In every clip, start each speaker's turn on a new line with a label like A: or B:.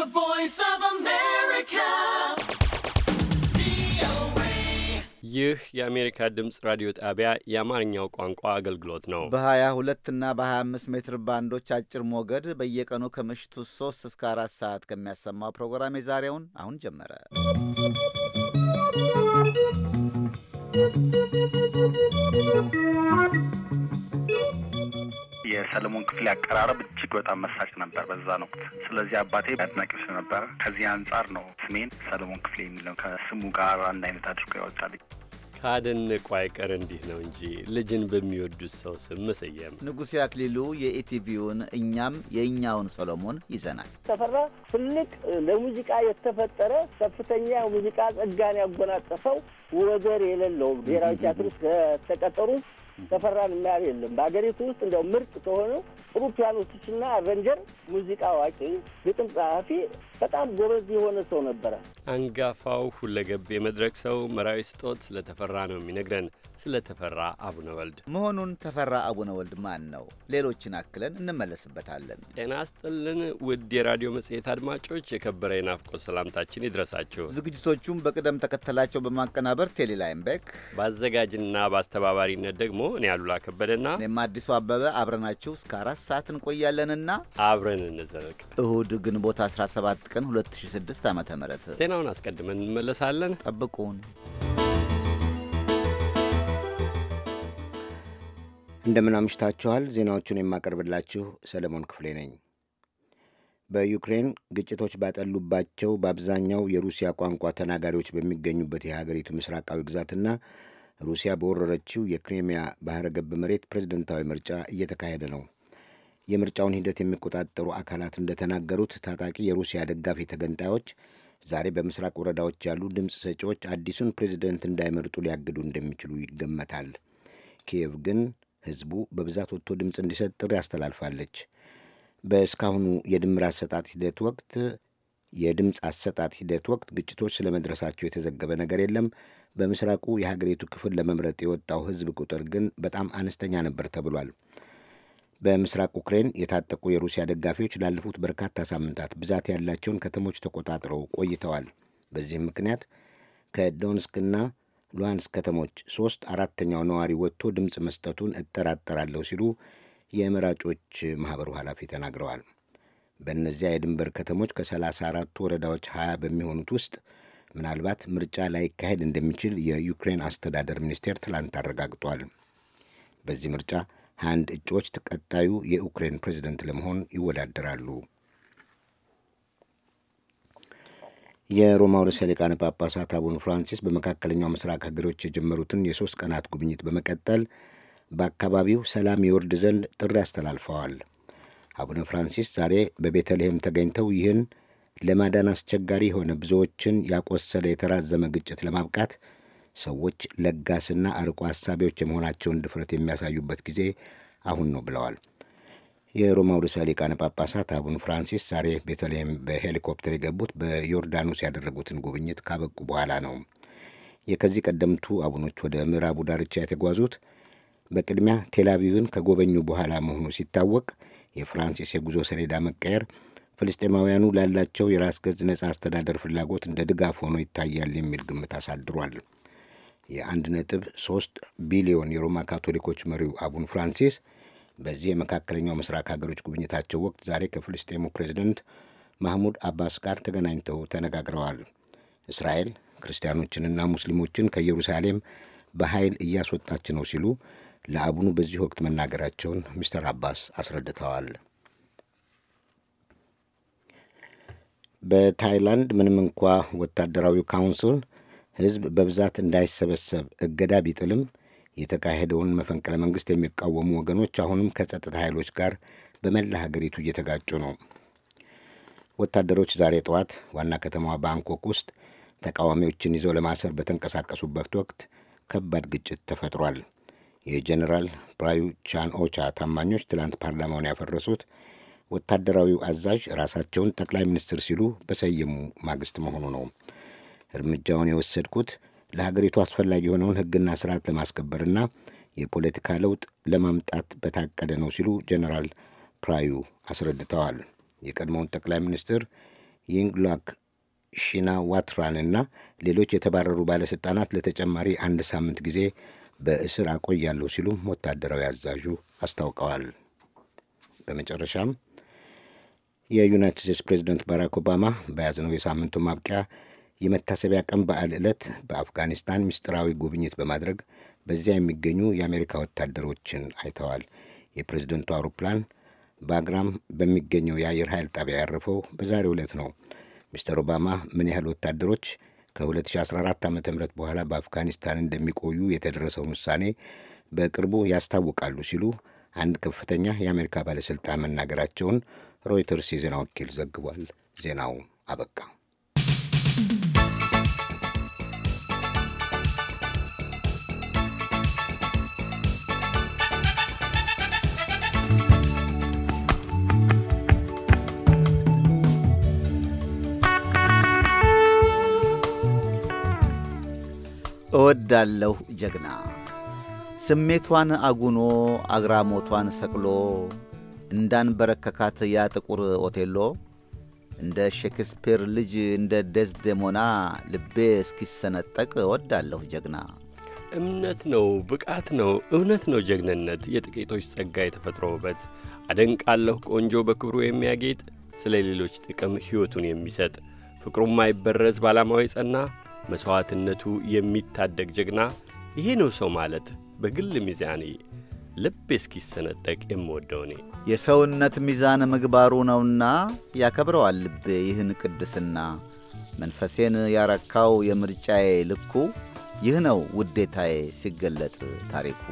A: The voice of America.
B: ይህ የአሜሪካ ድምፅ ራዲዮ ጣቢያ የአማርኛው ቋንቋ አገልግሎት ነው። በ22
C: እና በ25 ሜትር ባንዶች አጭር ሞገድ በየቀኑ ከምሽቱ 3 እስከ 4 ሰዓት ከሚያሰማው ፕሮግራም የዛሬውን አሁን ጀመረ።
D: የሰለሞን ክፍሌ አቀራረብ እጅግ በጣም መሳጭ ነበር በዛ ወቅት። ስለዚህ አባቴ አድናቂው ስለነበረ ከዚህ አንጻር ነው ስሜን ሰለሞን ክፍሌ የሚለው ከስሙ ጋር አንድ አይነት አድርጎ ያወጣልኝ።
B: ካደነቁ አይቀር እንዲህ ነው እንጂ ልጅን በሚወዱት ሰው ስም መሰየም።
C: ንጉሴ አክሊሉ የኢቲቪውን እኛም የእኛውን ሰሎሞን ይዘናል።
E: ተፈራ ትልቅ ለሙዚቃ የተፈጠረ ከፍተኛ ሙዚቃ ጸጋን ያጎናጸፈው ወደር የሌለው ብሔራዊ ቲያትር ውስጥ ከተቀጠሩ ተፈራን የሚያህል የለም። በሀገሪቱ ውስጥ እንዲያው ምርጥ ከሆነ ጥሩ አቨንጀር ሙዚቃ አዋቂ፣ ግጥም ጸሐፊ በጣም ጎበዝ የሆነ ሰው ነበረ።
B: አንጋፋው ሁለገብ የመድረክ ሰው መራዊ ስጦት ስለተፈራ ነው የሚነግረን። ስለተፈራ አቡነ ወልድ
C: መሆኑን ተፈራ አቡነ ወልድ ማን ነው? ሌሎችን አክለን እንመለስበታለን።
B: ጤና ስጥልን ውድ የራዲዮ መጽሔት አድማጮች የከበረ የናፍቆት ሰላምታችን ይድረሳችሁ።
C: ዝግጅቶቹም በቅደም ተከተላቸው በማቀናበር
B: ቴሌላይም ቤክ በአዘጋጅና በአስተባባሪነት ደግሞ እኔ አሉላ ከበደና እኔም አዲሱ አበበ
C: አብረናችሁ እስከ አራት ሰዓት እንቆያለንና
B: አብረን እንዘልቅ
C: እሁድ ግንቦት 17 ቀን 2006 ዓ ም
B: ዜናውን አስቀድመን እንመለሳለን። ጠብቁን።
C: እንደምን አምሽታችኋል።
F: ዜናዎቹን የማቀርብላችሁ ሰለሞን ክፍሌ ነኝ። በዩክሬን ግጭቶች ባጠሉባቸው በአብዛኛው የሩሲያ ቋንቋ ተናጋሪዎች በሚገኙበት የሀገሪቱ ምስራቃዊ ግዛትና ሩሲያ በወረረችው የክሪሚያ ባህረ ገብ መሬት ፕሬዝደንታዊ ምርጫ እየተካሄደ ነው። የምርጫውን ሂደት የሚቆጣጠሩ አካላት እንደተናገሩት ታጣቂ የሩሲያ ደጋፊ ተገንጣዮች ዛሬ በምስራቅ ወረዳዎች ያሉ ድምፅ ሰጪዎች አዲሱን ፕሬዝደንት እንዳይመርጡ ሊያግዱ እንደሚችሉ ይገመታል። ኪየቭ ግን ህዝቡ በብዛት ወጥቶ ድምፅ እንዲሰጥ ጥሪ አስተላልፋለች። በእስካሁኑ የድምር አሰጣጥ ሂደት ወቅት የድምፅ አሰጣጥ ሂደት ወቅት ግጭቶች ስለመድረሳቸው የተዘገበ ነገር የለም። በምስራቁ የሀገሪቱ ክፍል ለመምረጥ የወጣው ህዝብ ቁጥር ግን በጣም አነስተኛ ነበር ተብሏል። በምስራቅ ዩክሬን የታጠቁ የሩሲያ ደጋፊዎች ላለፉት በርካታ ሳምንታት ብዛት ያላቸውን ከተሞች ተቆጣጥረው ቆይተዋል። በዚህም ምክንያት ከዶንስክና ሉሃንስክ ከተሞች ሶስት አራተኛው ነዋሪ ወጥቶ ድምፅ መስጠቱን እጠራጠራለሁ ሲሉ የመራጮች ማኅበሩ ኃላፊ ተናግረዋል። በእነዚያ የድንበር ከተሞች ከ 34 ወረዳዎች 20 በሚሆኑት ውስጥ ምናልባት ምርጫ ላይካሄድ እንደሚችል የዩክሬን አስተዳደር ሚኒስቴር ትላንት አረጋግጧል። በዚህ ምርጫ አንድ እጩዎች ቀጣዩ የዩክሬን ፕሬዚደንት ለመሆን ይወዳደራሉ። የሮማው ርዕሰ ሊቃነ ጳጳሳት አቡነ ፍራንሲስ በመካከለኛው ምስራቅ ሀገሮች የጀመሩትን የሶስት ቀናት ጉብኝት በመቀጠል በአካባቢው ሰላም ይወርድ ዘንድ ጥሪ አስተላልፈዋል። አቡነ ፍራንሲስ ዛሬ በቤተልሔም ተገኝተው ይህን ለማዳን አስቸጋሪ የሆነ ብዙዎችን ያቆሰለ የተራዘመ ግጭት ለማብቃት ሰዎች ለጋስና አርቆ ሀሳቢዎች የመሆናቸውን ድፍረት የሚያሳዩበት ጊዜ አሁን ነው ብለዋል። የሮማው ርዕሰ ሊቃነ ጳጳሳት አቡነ ፍራንሲስ ዛሬ ቤተልሔም በሄሊኮፕተር የገቡት በዮርዳኖስ ያደረጉትን ጉብኝት ካበቁ በኋላ ነው። የከዚህ ቀደምቱ አቡኖች ወደ ምዕራቡ ዳርቻ የተጓዙት በቅድሚያ ቴልአቪቭን ከጎበኙ በኋላ መሆኑ ሲታወቅ የፍራንሲስ የጉዞ ሰሌዳ መቀየር ፍልስጤማውያኑ ላላቸው የራስ ገዝ ነጻ አስተዳደር ፍላጎት እንደ ድጋፍ ሆኖ ይታያል የሚል ግምት አሳድሯል። የአንድ ነጥብ ሶስት ቢሊዮን የሮማ ካቶሊኮች መሪው አቡን ፍራንሲስ በዚህ የመካከለኛው ምስራቅ ሀገሮች ጉብኝታቸው ወቅት ዛሬ ከፍልስጤሙ ፕሬዚደንት ማህሙድ አባስ ጋር ተገናኝተው ተነጋግረዋል። እስራኤል ክርስቲያኖችንና ሙስሊሞችን ከኢየሩሳሌም በኃይል እያስወጣች ነው ሲሉ ለአቡኑ በዚህ ወቅት መናገራቸውን ሚስተር አባስ አስረድተዋል። በታይላንድ ምንም እንኳ ወታደራዊ ካውንስል ሕዝብ በብዛት እንዳይሰበሰብ እገዳ ቢጥልም የተካሄደውን መፈንቅለ መንግሥት የሚቃወሙ ወገኖች አሁንም ከጸጥታ ኃይሎች ጋር በመላ ሀገሪቱ እየተጋጩ ነው። ወታደሮች ዛሬ ጠዋት ዋና ከተማዋ ባንኮክ ውስጥ ተቃዋሚዎችን ይዘው ለማሰር በተንቀሳቀሱበት ወቅት ከባድ ግጭት ተፈጥሯል። የጀኔራል ብራዩ ቻን ኦቻ ታማኞች ትላንት ፓርላማውን ያፈረሱት ወታደራዊው አዛዥ ራሳቸውን ጠቅላይ ሚኒስትር ሲሉ በሰየሙ ማግስት መሆኑ ነው። እርምጃውን የወሰድኩት ለሀገሪቱ አስፈላጊ የሆነውን ሕግና ስርዓት ለማስከበርና የፖለቲካ ለውጥ ለማምጣት በታቀደ ነው ሲሉ ጀነራል ፕራዩ አስረድተዋል። የቀድሞውን ጠቅላይ ሚኒስትር ይንግላክ ሺናዋትራንና ሌሎች የተባረሩ ባለሥልጣናት ለተጨማሪ አንድ ሳምንት ጊዜ በእስር አቆያለሁ ሲሉም ወታደራዊ አዛዡ አስታውቀዋል። በመጨረሻም የዩናይትድ ስቴትስ ፕሬዚደንት ባራክ ኦባማ በያዝነው የሳምንቱ ማብቂያ የመታሰቢያ ቀን በዓል ዕለት በአፍጋኒስታን ምስጢራዊ ጉብኝት በማድረግ በዚያ የሚገኙ የአሜሪካ ወታደሮችን አይተዋል። የፕሬዝደንቱ አውሮፕላን ባግራም በሚገኘው የአየር ኃይል ጣቢያ ያረፈው በዛሬ ዕለት ነው። ሚስተር ኦባማ ምን ያህል ወታደሮች ከ2014 ዓ ም በኋላ በአፍጋኒስታን እንደሚቆዩ የተደረሰውን ውሳኔ በቅርቡ ያስታውቃሉ ሲሉ አንድ ከፍተኛ የአሜሪካ ባለሥልጣን መናገራቸውን ሮይተርስ የዜና ወኪል ዘግቧል። ዜናው አበቃ።
C: እወዳለሁ ጀግና ስሜቷን አጉኖ አግራሞቷን ሰቅሎ እንዳንበረከካት ያ ጥቁር ኦቴሎ እንደ ሼክስፒር ልጅ እንደ ደዝዴሞና ልቤ እስኪሰነጠቅ እወዳለሁ ጀግና።
B: እምነት ነው፣ ብቃት ነው፣ እውነት ነው ጀግንነት፣ የጥቂቶች ጸጋ፣ የተፈጥሮ ውበት። አደንቃለሁ ቆንጆ በክብሩ የሚያጌጥ ስለ ሌሎች ጥቅም ሕይወቱን የሚሰጥ ፍቅሩም አይበረዝ ባላማዊ ጸና መሥዋዕትነቱ የሚታደግ ጀግና ይሄ ነው ሰው ማለት በግል ሚዛኔ ልብ እስኪሰነጠቅ የምወደው እኔ
C: የሰውነት ሚዛን ምግባሩ ነውና
B: ያከብረዋል ልቤ ይህን
C: ቅድስና መንፈሴን ያረካው የምርጫዬ ልኩ ይህ ነው ውዴታዬ ሲገለጥ ታሪኩ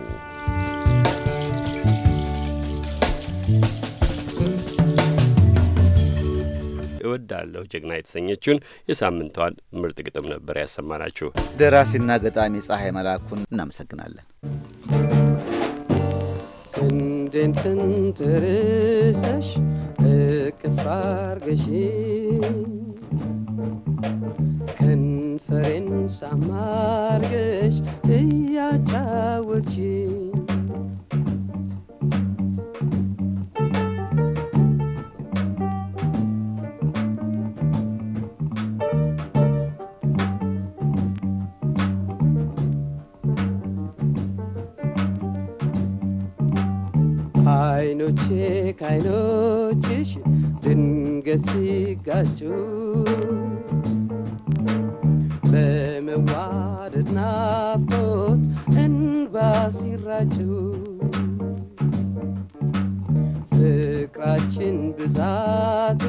B: እወዳለሁ ጀግና የተሰኘችውን የሳምንቷን ምርጥ ግጥም ነበር ያሰማናችሁ።
C: ደራሲና ገጣሚ ፀሐይ መላኩን እናመሰግናለን።
G: ክንዴንትን ትርሰሽ እቅፍ ከንፈሬን ሳማርገሽ እያጫወትሽኝ ከዓይኖችሽ ድንገት ሲጋጩ በመዋደድ ናፍቆት እንባ ሲራጩ ፍቅራችን ብዛቱ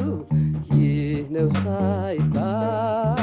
G: ይህ ነው ሳይባል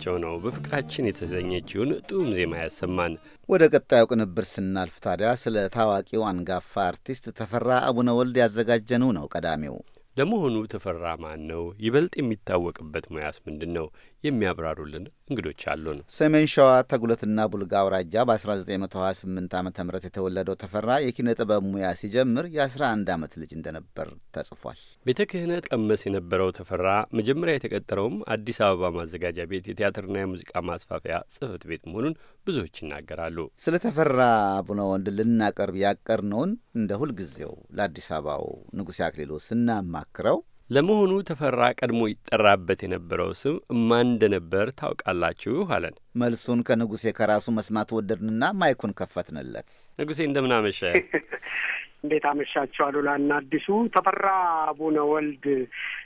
B: ጌታቸው ነው በፍቅራችን የተሰኘችውን ጥዑም ዜማ ያሰማን። ወደ ቀጣዩ ቅንብር ስናልፍ
C: ታዲያ ስለ ታዋቂው አንጋፋ አርቲስት ተፈራ አቡነ ወልድ ያዘጋጀነው ነው ቀዳሚው።
B: ለመሆኑ ተፈራ ማን ነው? ይበልጥ የሚታወቅበት ሙያስ ምንድን ነው? የሚያብራሩልን እንግዶች አሉን።
C: ሰሜን ሸዋ ተጉለትና ቡልጋ አውራጃ በ1928 ዓ ም የተወለደው ተፈራ የኪነ ጥበብ ሙያ ሲጀምር የ11 ዓመት ልጅ እንደነበር ተጽፏል።
B: ቤተ ክህነት ቀመስ የነበረው ተፈራ መጀመሪያ የተቀጠረውም አዲስ አበባ ማዘጋጃ ቤት የቲያትርና የሙዚቃ ማስፋፊያ ጽህፈት ቤት መሆኑን ብዙዎች ይናገራሉ።
C: ስለ ተፈራ አቡነ ወንድ ልናቀርብ ያቀርነውን እንደ ሁልጊዜው ለአዲስ አበባው ንጉሴ አክሊሉ ስናማክረው
B: ለመሆኑ ተፈራ ቀድሞ ይጠራበት የነበረው ስም ማን እንደነበር ታውቃላችሁ? አለን።
C: መልሱን ከንጉሴ ከራሱ መስማት ወደድንና ማይኩን ከፈትንለት።
B: ንጉሴ እንደምናመሸ
H: እንዴት አመሻቸው አሉላና አዲሱ ተፈራ አቡነ ወልድ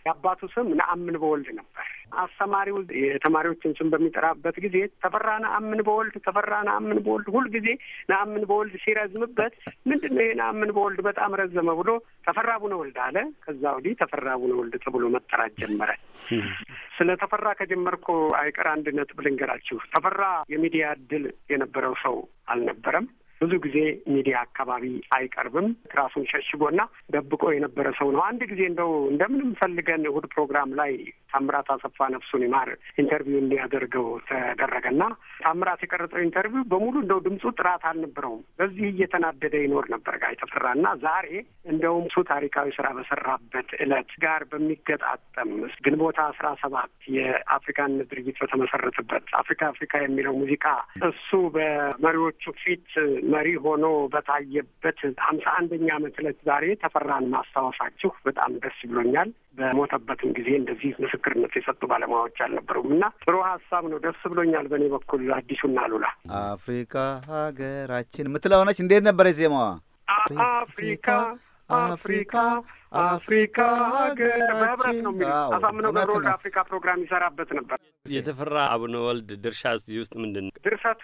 H: የአባቱ ስም ነአምን በወልድ ነበር። አስተማሪው የተማሪዎችን ስም በሚጠራበት ጊዜ ተፈራ ነአምን በወልድ ተፈራ ነአምን በወልድ ሁልጊዜ ነአምን በወልድ ሲረዝምበት ምንድን ነው ይሄ ነአምን በወልድ በጣም ረዘመ ብሎ ተፈራ አቡነ ወልድ አለ። ከዛ ወዲህ ተፈራ አቡነ ወልድ ተብሎ መጠራት ጀመረ። ስለ ተፈራ ከጀመርኩ አይቀር አንድ ነጥብ ልንገራችሁ። ተፈራ የሚዲያ እድል የነበረው ሰው አልነበረም። ብዙ ጊዜ ሚዲያ አካባቢ አይቀርብም። ራሱን ሸሽጎና ደብቆ የነበረ ሰው ነው። አንድ ጊዜ እንደው እንደምንም ፈልገን እሁድ ፕሮግራም ላይ ታምራት አሰፋ ነፍሱን ይማር ኢንተርቪው እንዲያደርገው ተደረገና ታምራት የቀረጠው ኢንተርቪው በሙሉ እንደው ድምፁ ጥራት አልነበረውም። በዚህ እየተናደደ ይኖር ነበር ጋር የተፈራ እና ዛሬ እንደውም እሱ ታሪካዊ ስራ በሰራበት እለት ጋር በሚገጣጠም ግንቦታ አስራ ሰባት የአፍሪካን ድርጅት በተመሰረተበት አፍሪካ አፍሪካ የሚለው ሙዚቃ እሱ በመሪዎቹ ፊት መሪ ሆኖ በታየበት ሀምሳ አንደኛ ዓመት ዕለት ዛሬ ተፈራን ማስታወሳችሁ በጣም ደስ ብሎኛል። በሞተበትም ጊዜ እንደዚህ ምስክርነት የሰጡ ባለሙያዎች አልነበሩም እና ጥሩ ሀሳብ ነው። ደስ ብሎኛል። በእኔ በኩል አዲሱና አሉላ
C: አፍሪካ ሀገራችን ምትለሆነች እንዴት ነበረች ዜማዋ?
H: አፍሪካ አፍሪካ አፍሪካ ሀገር ነው አሳምነው ገብረ ወልድ አፍሪካ ፕሮግራም ይሰራበት ነበር።
B: የተፈራ አቡነ ወልድ ድርሻ እዚህ ውስጥ ምንድን ነው ድርሰቱ?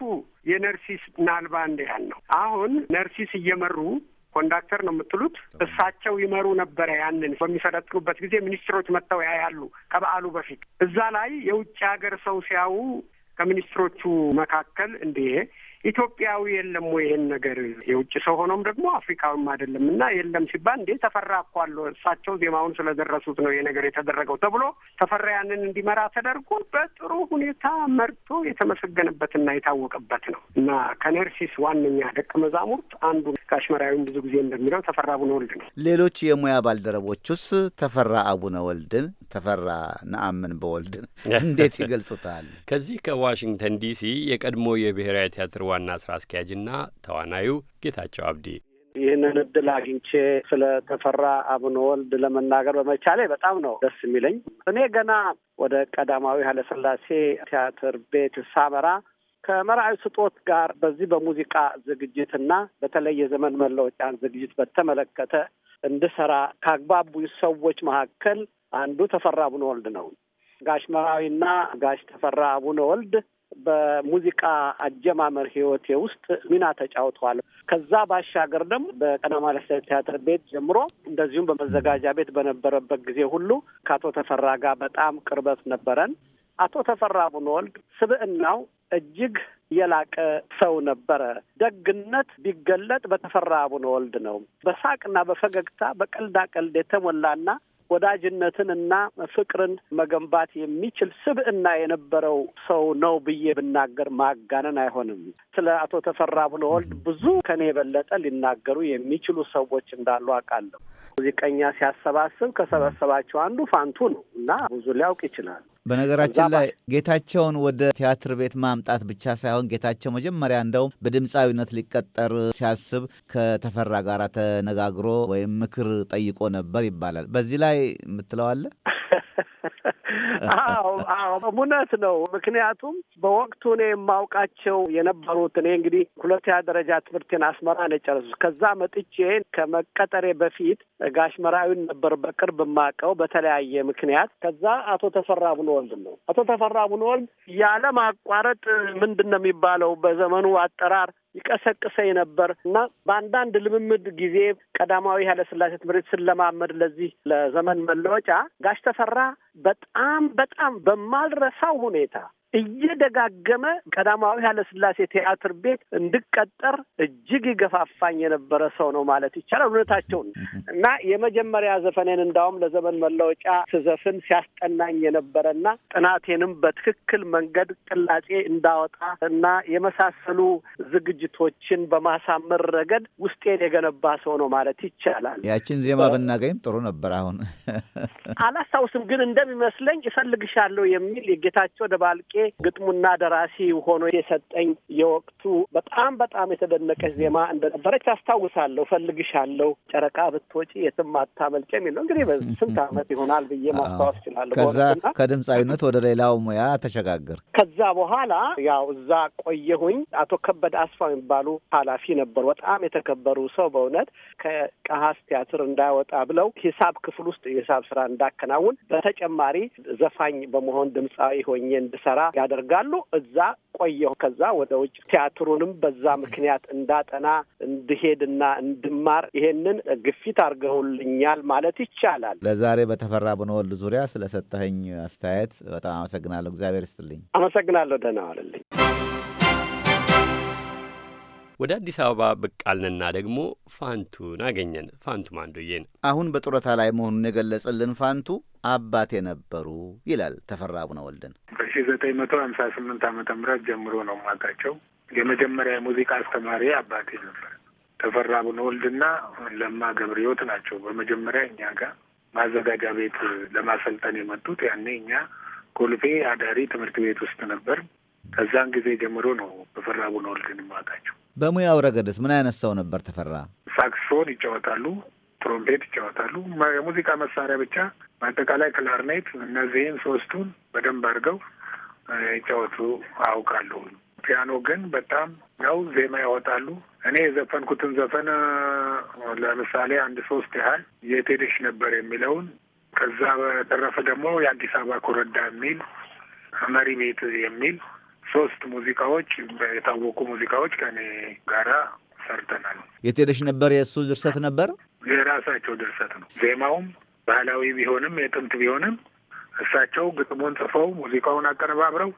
B: የነርሲስ ናልባ ያን ነው።
H: አሁን ነርሲስ እየመሩ ኮንዳክተር ነው የምትሉት እሳቸው ይመሩ ነበረ። ያንን በሚሰለጥኑበት ጊዜ ሚኒስትሮች መጥተው ያያሉ። ከበዓሉ በፊት እዛ ላይ የውጭ ሀገር ሰው ሲያዩ ከሚኒስትሮቹ መካከል እንዲህ ኢትዮጵያዊ የለም ወይ? ነገር የውጭ ሰው ሆኖም ደግሞ አፍሪካዊም አይደለም እና የለም ሲባል እንዴ ተፈራ እኮ አለ እሳቸው ዜማውን ስለደረሱት ነው ይሄ ነገር የተደረገው ተብሎ ተፈራ ያንን እንዲመራ ተደርጎ በጥሩ ሁኔታ መርቶ የተመሰገነበትና የታወቀበት ነው እና ከነርሲስ ዋነኛ ደቀ መዛሙርት አንዱ ከአሽመራዊም ብዙ ጊዜ እንደሚለው ተፈራ አቡነ ወልድ ነው።
C: ሌሎች የሙያ ባልደረቦቹስ ተፈራ አቡነ ወልድን ተፈራ ነአምን በወልድን እንዴት ይገልጹታል?
B: ከዚህ ከዋ ዋሽንግተን ዲሲ የቀድሞ የብሔራዊ ቲያትር ዋና ስራ አስኪያጅና ተዋናዩ ጌታቸው አብዲ
H: ይህንን እድል አግኝቼ ስለ ተፈራ አቡነ ወልድ ለመናገር በመቻሌ በጣም ነው ደስ የሚለኝ። እኔ ገና ወደ ቀዳማዊ ኃይለሥላሴ ቲያትር ቤት ሳመራ ከመርአዊ ስጦት ጋር በዚህ በሙዚቃ ዝግጅትና በተለይ የዘመን መለወጫን ዝግጅት በተመለከተ እንድሰራ ካግባቡ ሰዎች መካከል አንዱ ተፈራ አቡነ ወልድ ነው። ጋሽ መራዊና ጋሽ ተፈራ አቡነ ወልድ በሙዚቃ አጀማመር ህይወቴ ውስጥ ሚና ተጫውተዋል። ከዛ ባሻገር ደግሞ በቀዳማዊ ቲያትር ቤት ጀምሮ እንደዚሁም በመዘጋጃ ቤት በነበረበት ጊዜ ሁሉ ከአቶ ተፈራ ጋር በጣም ቅርበት ነበረን። አቶ ተፈራ አቡነ ወልድ ስብዕናው እጅግ የላቀ ሰው ነበረ። ደግነት ቢገለጥ በተፈራ አቡነ ወልድ ነው። በሳቅና በፈገግታ በቀልዳ ቀልድ የተሞላና ወዳጅነትን እና ፍቅርን መገንባት የሚችል ስብዕና የነበረው ሰው ነው ብዬ ብናገር ማጋነን አይሆንም። ስለ አቶ ተፈራ ብለወልድ ብዙ ከኔ የበለጠ ሊናገሩ የሚችሉ ሰዎች እንዳሉ አውቃለሁ። ሙዚቀኛ ሲያሰባስብ ከሰበሰባቸው አንዱ ፋንቱ ነው እና ብዙ ሊያውቅ ይችላል።
C: በነገራችን ላይ ጌታቸውን ወደ ቲያትር ቤት ማምጣት ብቻ ሳይሆን ጌታቸው መጀመሪያ እንደውም በድምፃዊነት ሊቀጠር ሲያስብ ከተፈራ ጋር ተነጋግሮ ወይም ምክር ጠይቆ ነበር ይባላል። በዚህ ላይ አለ? አዎ
H: አዎ እውነት ነው። ምክንያቱም በወቅቱ እኔ የማውቃቸው የነበሩት እኔ እንግዲህ ሁለተኛ ደረጃ ትምህርቴን አስመራ ነው የጨረስኩት። ከዛ መጥቼ ከመቀጠሬ በፊት ጋሽ መራዊን ነበር በቅርብ የማውቀው በተለያየ ምክንያት። ከዛ አቶ ተፈራ ቡንወልድ ነው። አቶ ተፈራ ቡንወልድ ያለማቋረጥ ምንድን ነው የሚባለው በዘመኑ አጠራር ይቀሰቅሰ ነበር እና በአንዳንድ ልምምድ ጊዜ ቀዳማዊ ኃይለስላሴ ትምህርት ስለማመድ ለዚህ ለዘመን መለወጫ ጋሽ ተፈራ በጣም በጣም በማልረሳው ሁኔታ እየደጋገመ ቀዳማዊ ኃይለሥላሴ ቲያትር ቤት እንድቀጠር እጅግ ይገፋፋኝ የነበረ ሰው ነው ማለት ይቻላል። እውነታቸውን እና የመጀመሪያ ዘፈኔን እንዳውም ለዘመን መለወጫ ስዘፍን ሲያስጠናኝ ና ጥናቴንም በትክክል መንገድ ቅላጼ እንዳወጣ እና የመሳሰሉ ዝግጅቶችን በማሳመር ረገድ ውስጤን የገነባ ሰው ነው ማለት ይቻላል።
C: ያችን ዜማ ብናገኝም ጥሩ ነበር። አሁን
H: አላስታውስም፣ ግን እንደሚመስለኝ እፈልግሻለሁ የሚል የጌታቸው ደባልቄ ግጥሙና ደራሲ ሆኖ የሰጠኝ የወቅቱ በጣም በጣም የተደነቀች ዜማ እንደነበረች አስታውሳለሁ። ፈልግሻለሁ ጨረቃ ብትወጪ የትም አታመልጭ የሚል ነው። እንግዲህ ስንት ዓመት ይሆናል ብዬ ማስታወስ እችላለሁ። ከዛ
C: ከድምፃዊነት ወደ ሌላው ሙያ ተሸጋገር።
H: ከዛ በኋላ ያው እዛ ቆየሁኝ። አቶ ከበደ አስፋ የሚባሉ ኃላፊ ነበሩ። በጣም የተከበሩ ሰው በእውነት ከቀሀስ ቲያትር እንዳይወጣ ብለው ሂሳብ ክፍል ውስጥ የሂሳብ ስራ እንዳከናውን በተጨማሪ ዘፋኝ በመሆን ድምፃዊ ሆኜ እንድሰራ ያደርጋሉ። እዛ ቆየሁ። ከዛ ወደ ውጭ ቲያትሩንም በዛ ምክንያት እንዳጠና እንድሄድና እንድማር ይሄንን ግፊት አድርገውልኛል ማለት ይቻላል።
C: ለዛሬ በተፈራ ብንወልድ ዙሪያ ስለሰጠኸኝ አስተያየት በጣም አመሰግናለሁ። እግዚአብሔር ይስጥልኝ።
H: አመሰግናለሁ። ደህና ዋልልኝ።
B: ወደ አዲስ አበባ ብቃልንና ደግሞ ፋንቱን አገኘን። ፋንቱ ማንዶዬን
C: አሁን በጡረታ ላይ መሆኑን የገለጸልን ፋንቱ አባቴ ነበሩ ይላል ተፈራ አቡነ ወልደን።
B: በሺ ዘጠኝ መቶ ሀምሳ
I: ስምንት ዓመተ ምህረት ጀምሮ ነው ማታቸው። የመጀመሪያ የሙዚቃ አስተማሪ አባቴ ነበር። ተፈራ አቡነ ወልድና ለማ ገብረሕይወት ናቸው። በመጀመሪያ እኛ ጋር ማዘጋጃ ቤት ለማሰልጠን የመጡት ያኔ እኛ ኮልፌ አዳሪ ትምህርት ቤት ውስጥ ነበር። ከዛን ጊዜ ጀምሮ ነው ተፈራ አቡነ ወልድን ማውቃቸው።
C: በሙያው ረገድስ ምን አይነት ሰው ነበር ተፈራ?
I: ሳክስፎን ይጫወታሉ። ትሮምፔት ይጫወታሉ። የሙዚቃ መሳሪያ ብቻ በአጠቃላይ ክላርኔት፣ እነዚህን ሶስቱን በደንብ አድርገው ይጫወቱ አውቃሉ። ፒያኖ ግን በጣም ነው ዜማ ያወጣሉ። እኔ የዘፈንኩትን ዘፈን ለምሳሌ አንድ ሶስት ያህል የት ሄደሽ ነበር የሚለውን ከዛ በተረፈ ደግሞ የአዲስ አበባ ኮረዳ የሚል መሪ ቤት የሚል ሶስት ሙዚቃዎች የታወቁ ሙዚቃዎች ከኔ ጋራ ሰርተናል።
C: የት ሄደሽ ነበር የእሱ ድርሰት ነበር።
I: የራሳቸው ድርሰት ነው። ዜማውም ባህላዊ ቢሆንም የጥንት ቢሆንም እሳቸው ግጥሙን ጽፈው ሙዚቃውን አቀነባብረው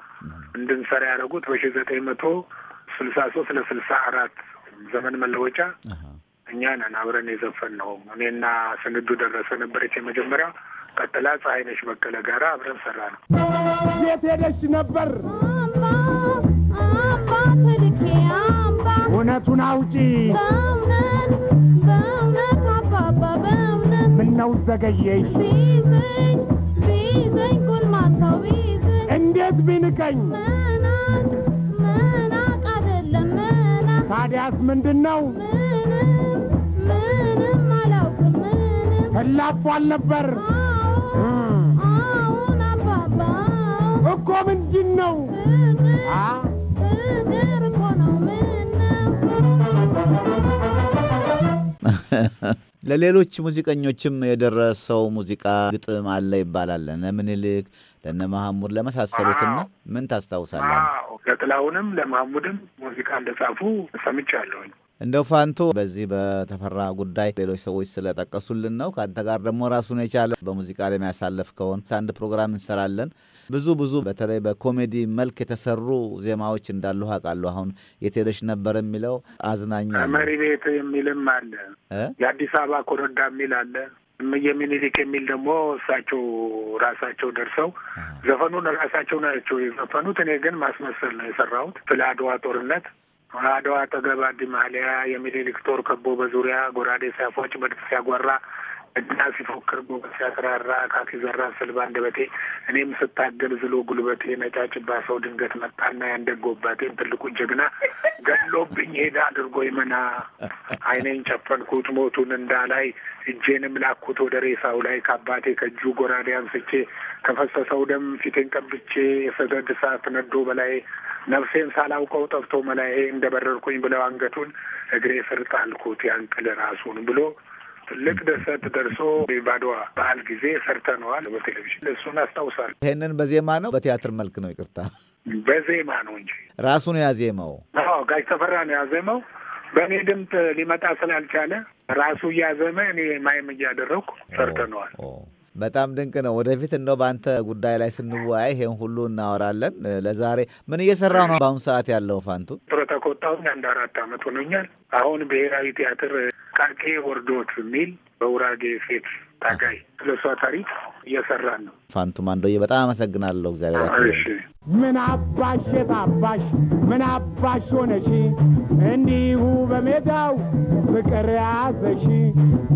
I: እንድንሰራ ያደረጉት በሺ ዘጠኝ መቶ ስልሳ ሶስት ለስልሳ አራት ዘመን መለወጫ እኛ ነን አብረን የዘፈን ነው። እኔና ስንዱ ደረሰ ነበረች የመጀመሪያ፣ ቀጥላ ፀሐይነሽ በቀለ ጋር አብረን ሰራ ነው።
J: የት ሄደሽ ነበር እውነቱን አውጪ በእውነት
K: በእውነት
J: ምነው ዘገየሽ
K: ቢይዘኝ ቢይዘኝ ጎልማሳው ቢይዘኝ
J: እንዴት ቢንቀኝ
K: መናቅ መናቅ
J: አይደለም መናቅ ታዲያስ ምንድን ነው ምንም
K: ምንም አላውቅም
J: ምንም ትላፏል ነበር አሁን አባባ እኮ ምንድን ነው ፍቅር እኮ ነው ምነው
C: ለሌሎች ሙዚቀኞችም የደረሰው ሙዚቃ ግጥም አለ ይባላል። ለምኒልክ፣ ለነ መሐሙድ ለመሳሰሉትና ምን ታስታውሳለህ?
I: ለጥላሁንም ለመሐሙድም ሙዚቃ እንደጻፉ ሰምቻለሁኝ።
C: እንደው ፋንቱ በዚህ በተፈራ ጉዳይ ሌሎች ሰዎች ስለጠቀሱልን ነው። ከአንተ ጋር ደግሞ ራሱን የቻለ በሙዚቃ ላይ የሚያሳለፍ ከሆን አንድ ፕሮግራም እንሰራለን። ብዙ ብዙ በተለይ በኮሜዲ መልክ የተሰሩ ዜማዎች እንዳሉ አውቃለሁ። አሁን የቴለሽ ነበር የሚለው አዝናኝ መሪ
I: ቤት የሚልም አለ። የአዲስ አበባ ኮረዳ የሚል አለ። የሚኒሊክ የሚል ደግሞ እሳቸው ራሳቸው ደርሰው ዘፈኑን ራሳቸው ናቸው የዘፈኑት። እኔ ግን ማስመሰል ነው የሰራሁት ስለ አድዋ ጦርነት አድዋ አጠገብ አዲ ማሊያ የሚኒሊክ ጦር ከቦ በዙሪያ ጎራዴ ሲያፎጭ መድፍ ሲያጓራ እና ሲፎክር ሞገስ ሲያጠራራ አካቴ ዘራ ስል ባንደበቴ እኔም ስታገል ዝሎ ጉልበቴ ነጫጭባ ሰው ድንገት መጣና ያንደጎባቴን ትልቁ ጀግና ገሎብኝ ሄዳ አድርጎ ይመና አይኔን ጨፈንኩት ሞቱን እንዳላይ እጄንም ላኩት ወደ ሬሳው ላይ ከአባቴ ከእጁ ጎራዴ አንስቼ ከፈሰሰው ደም ፊቴን ቀብቼ የሰደድ እሳት ነዶ በላይ ነፍሴን ሳላውቀው ጠፍቶ መላዬ እንደበረርኩኝ ብለው አንገቱን እግሬ ስር ጣልኩት ያንቅል ራሱን ብሎ ትልቅ ደሰት ደርሶ የባድዋ በዓል ጊዜ ሰርተነዋል በቴሌቪዥን እሱን አስታውሳለሁ።
C: ይህንን በዜማ ነው በቲያትር መልክ ነው? ይቅርታ
I: በዜማ ነው እንጂ
C: ራሱ ነው ያዜመው።
I: አዎ ጋሽ ተፈራ ነው ያዜመው። በእኔ ድምፅ ሊመጣ ስላልቻለ ራሱ እያዘመ እኔ ማይም እያደረግኩ ሰርተነዋል።
C: በጣም ድንቅ ነው። ወደፊት እንደው በአንተ ጉዳይ ላይ ስንወያይ ይሄን ሁሉ እናወራለን። ለዛሬ ምን እየሰራ ነው በአሁኑ ሰዓት ያለው ፋንቱ?
I: ጡረታ ከወጣሁኝ አንድ አራት አመት ሆኖኛል። አሁን ብሔራዊ ቲያትር ቃቄ ወርዶት የሚል በውራጌ ሴት ታጋይ ስለሷ ታሪክ
A: እየሰራን ነው።
C: ፋንቱም አንዶዬ በጣም አመሰግናለሁ። እግዚአብሔር
J: ምን አባሽ የታባሽ ምን አባሽ ሆነሽ እንዲሁ በሜዳው ፍቅር ያዘሽ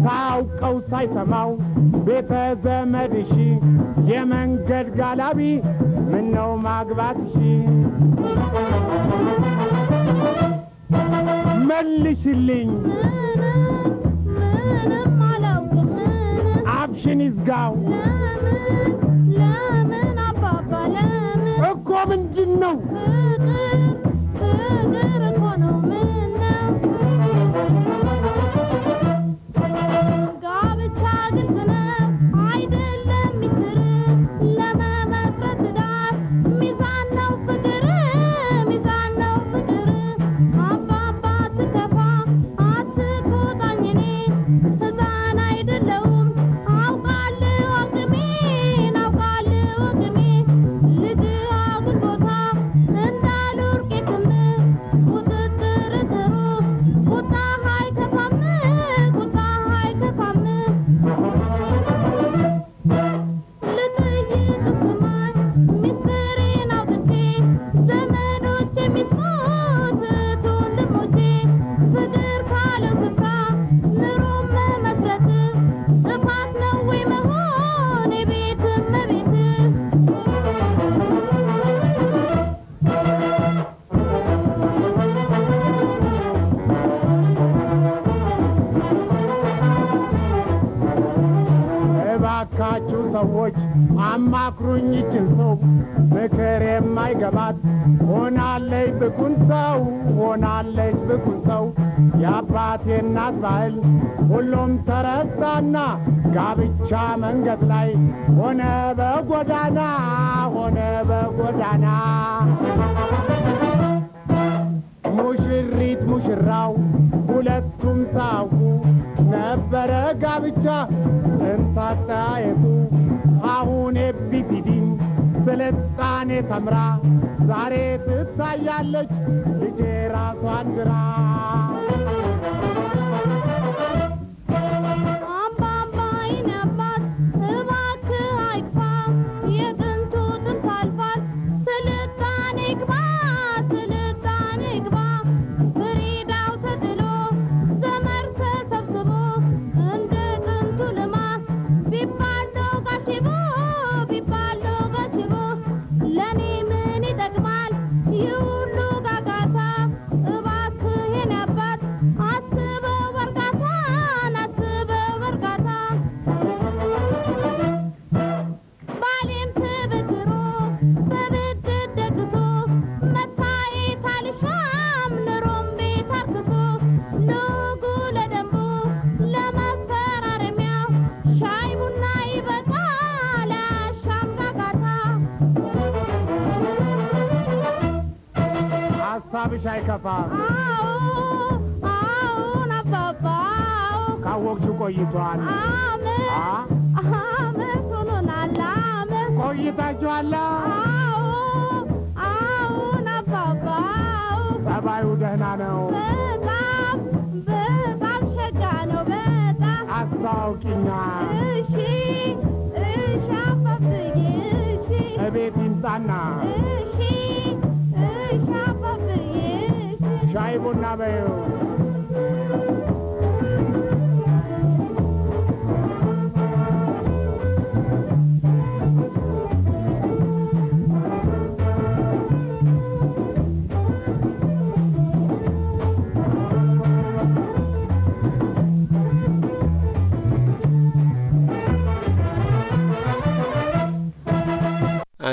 J: ሳያውቀው ሳይሰማው ቤተ ዘመድሽ የመንገድ ጋላቢ ምን ነው ማግባትሽ መልሽልኝ አፍሽን ይዝጋው።
K: ለምን አባባ ለምን እኮ
J: ምንድን ነው ፍቅር ፍቅር እኮ ነው እባካችሁ ሰዎች አማክሩኝ፣ ይችን ሰው ምክር የማይገባት ሆናለች ብቁን ሰው ሆናለች ብኩን ሰው። የአባቴ እናት ባህል ሁሉም ተረሳና ጋብቻ መንገድ ላይ ሆነ በጎዳና ሆነ በጎዳና ሙሽሪት ሙሽራው ሁለቱም ሳቁ ነበረ ጋብቻ እንታጣየቱ አሁን ኤቢሲዲን ስልጣኔ ተምራ ዛሬ ትታያለች ልጄ ራሷን ድራ ላብሽ አይከፋም።
K: አሁን አባባ
J: ካወቅሽ ቆይቷል።
K: አመት ሆኖናል። አመት ቆይታችኋል።
J: አሁን አባባ ጠባዩ ደህና ነው። በጣም በጣም
K: ሸጋ ነው። በጣም አስታውቂኛ። እሺ እሺ አባብዬ እሺ
J: እቤት ይምጣና 거예요.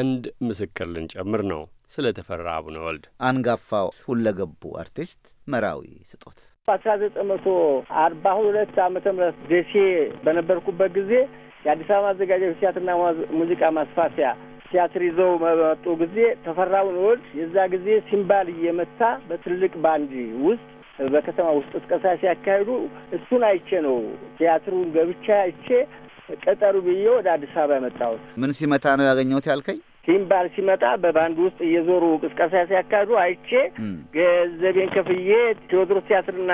B: አንድ ምስክር ልንጨምር ነው ስለ ተፈራ አቡነ ወልድ አንጋፋው ሁለገቡ አርቲስት መራዊ ስጦት
E: በአስራ ዘጠኝ መቶ አርባ ሁለት ዓመተ ምህረት ደሴ በነበርኩበት ጊዜ የአዲስ አበባ ማዘጋጃ ትያትርና ሙዚቃ ማስፋፊያ ቲያትር ይዘው መጡ ጊዜ ተፈራውን ወልድ የዛ ጊዜ ሲምባል እየመታ በትልቅ ባንድ ውስጥ በከተማ ውስጥ ቅስቀሳ ሲያካሂዱ እሱን አይቼ ነው ቲያትሩን ገብቻ አይቼ ቀጠሩ ብዬ ወደ አዲስ አበባ የመጣሁት።
C: ምን ሲመታ ነው ያገኘሁት ያልከኝ?
E: ሲምባል ሲመጣ በባንድ ውስጥ እየዞሩ ቅስቀሳ ሲያካሂዱ አይቼ ገንዘቤን ከፍዬ ቴዎድሮስ ቲያትርና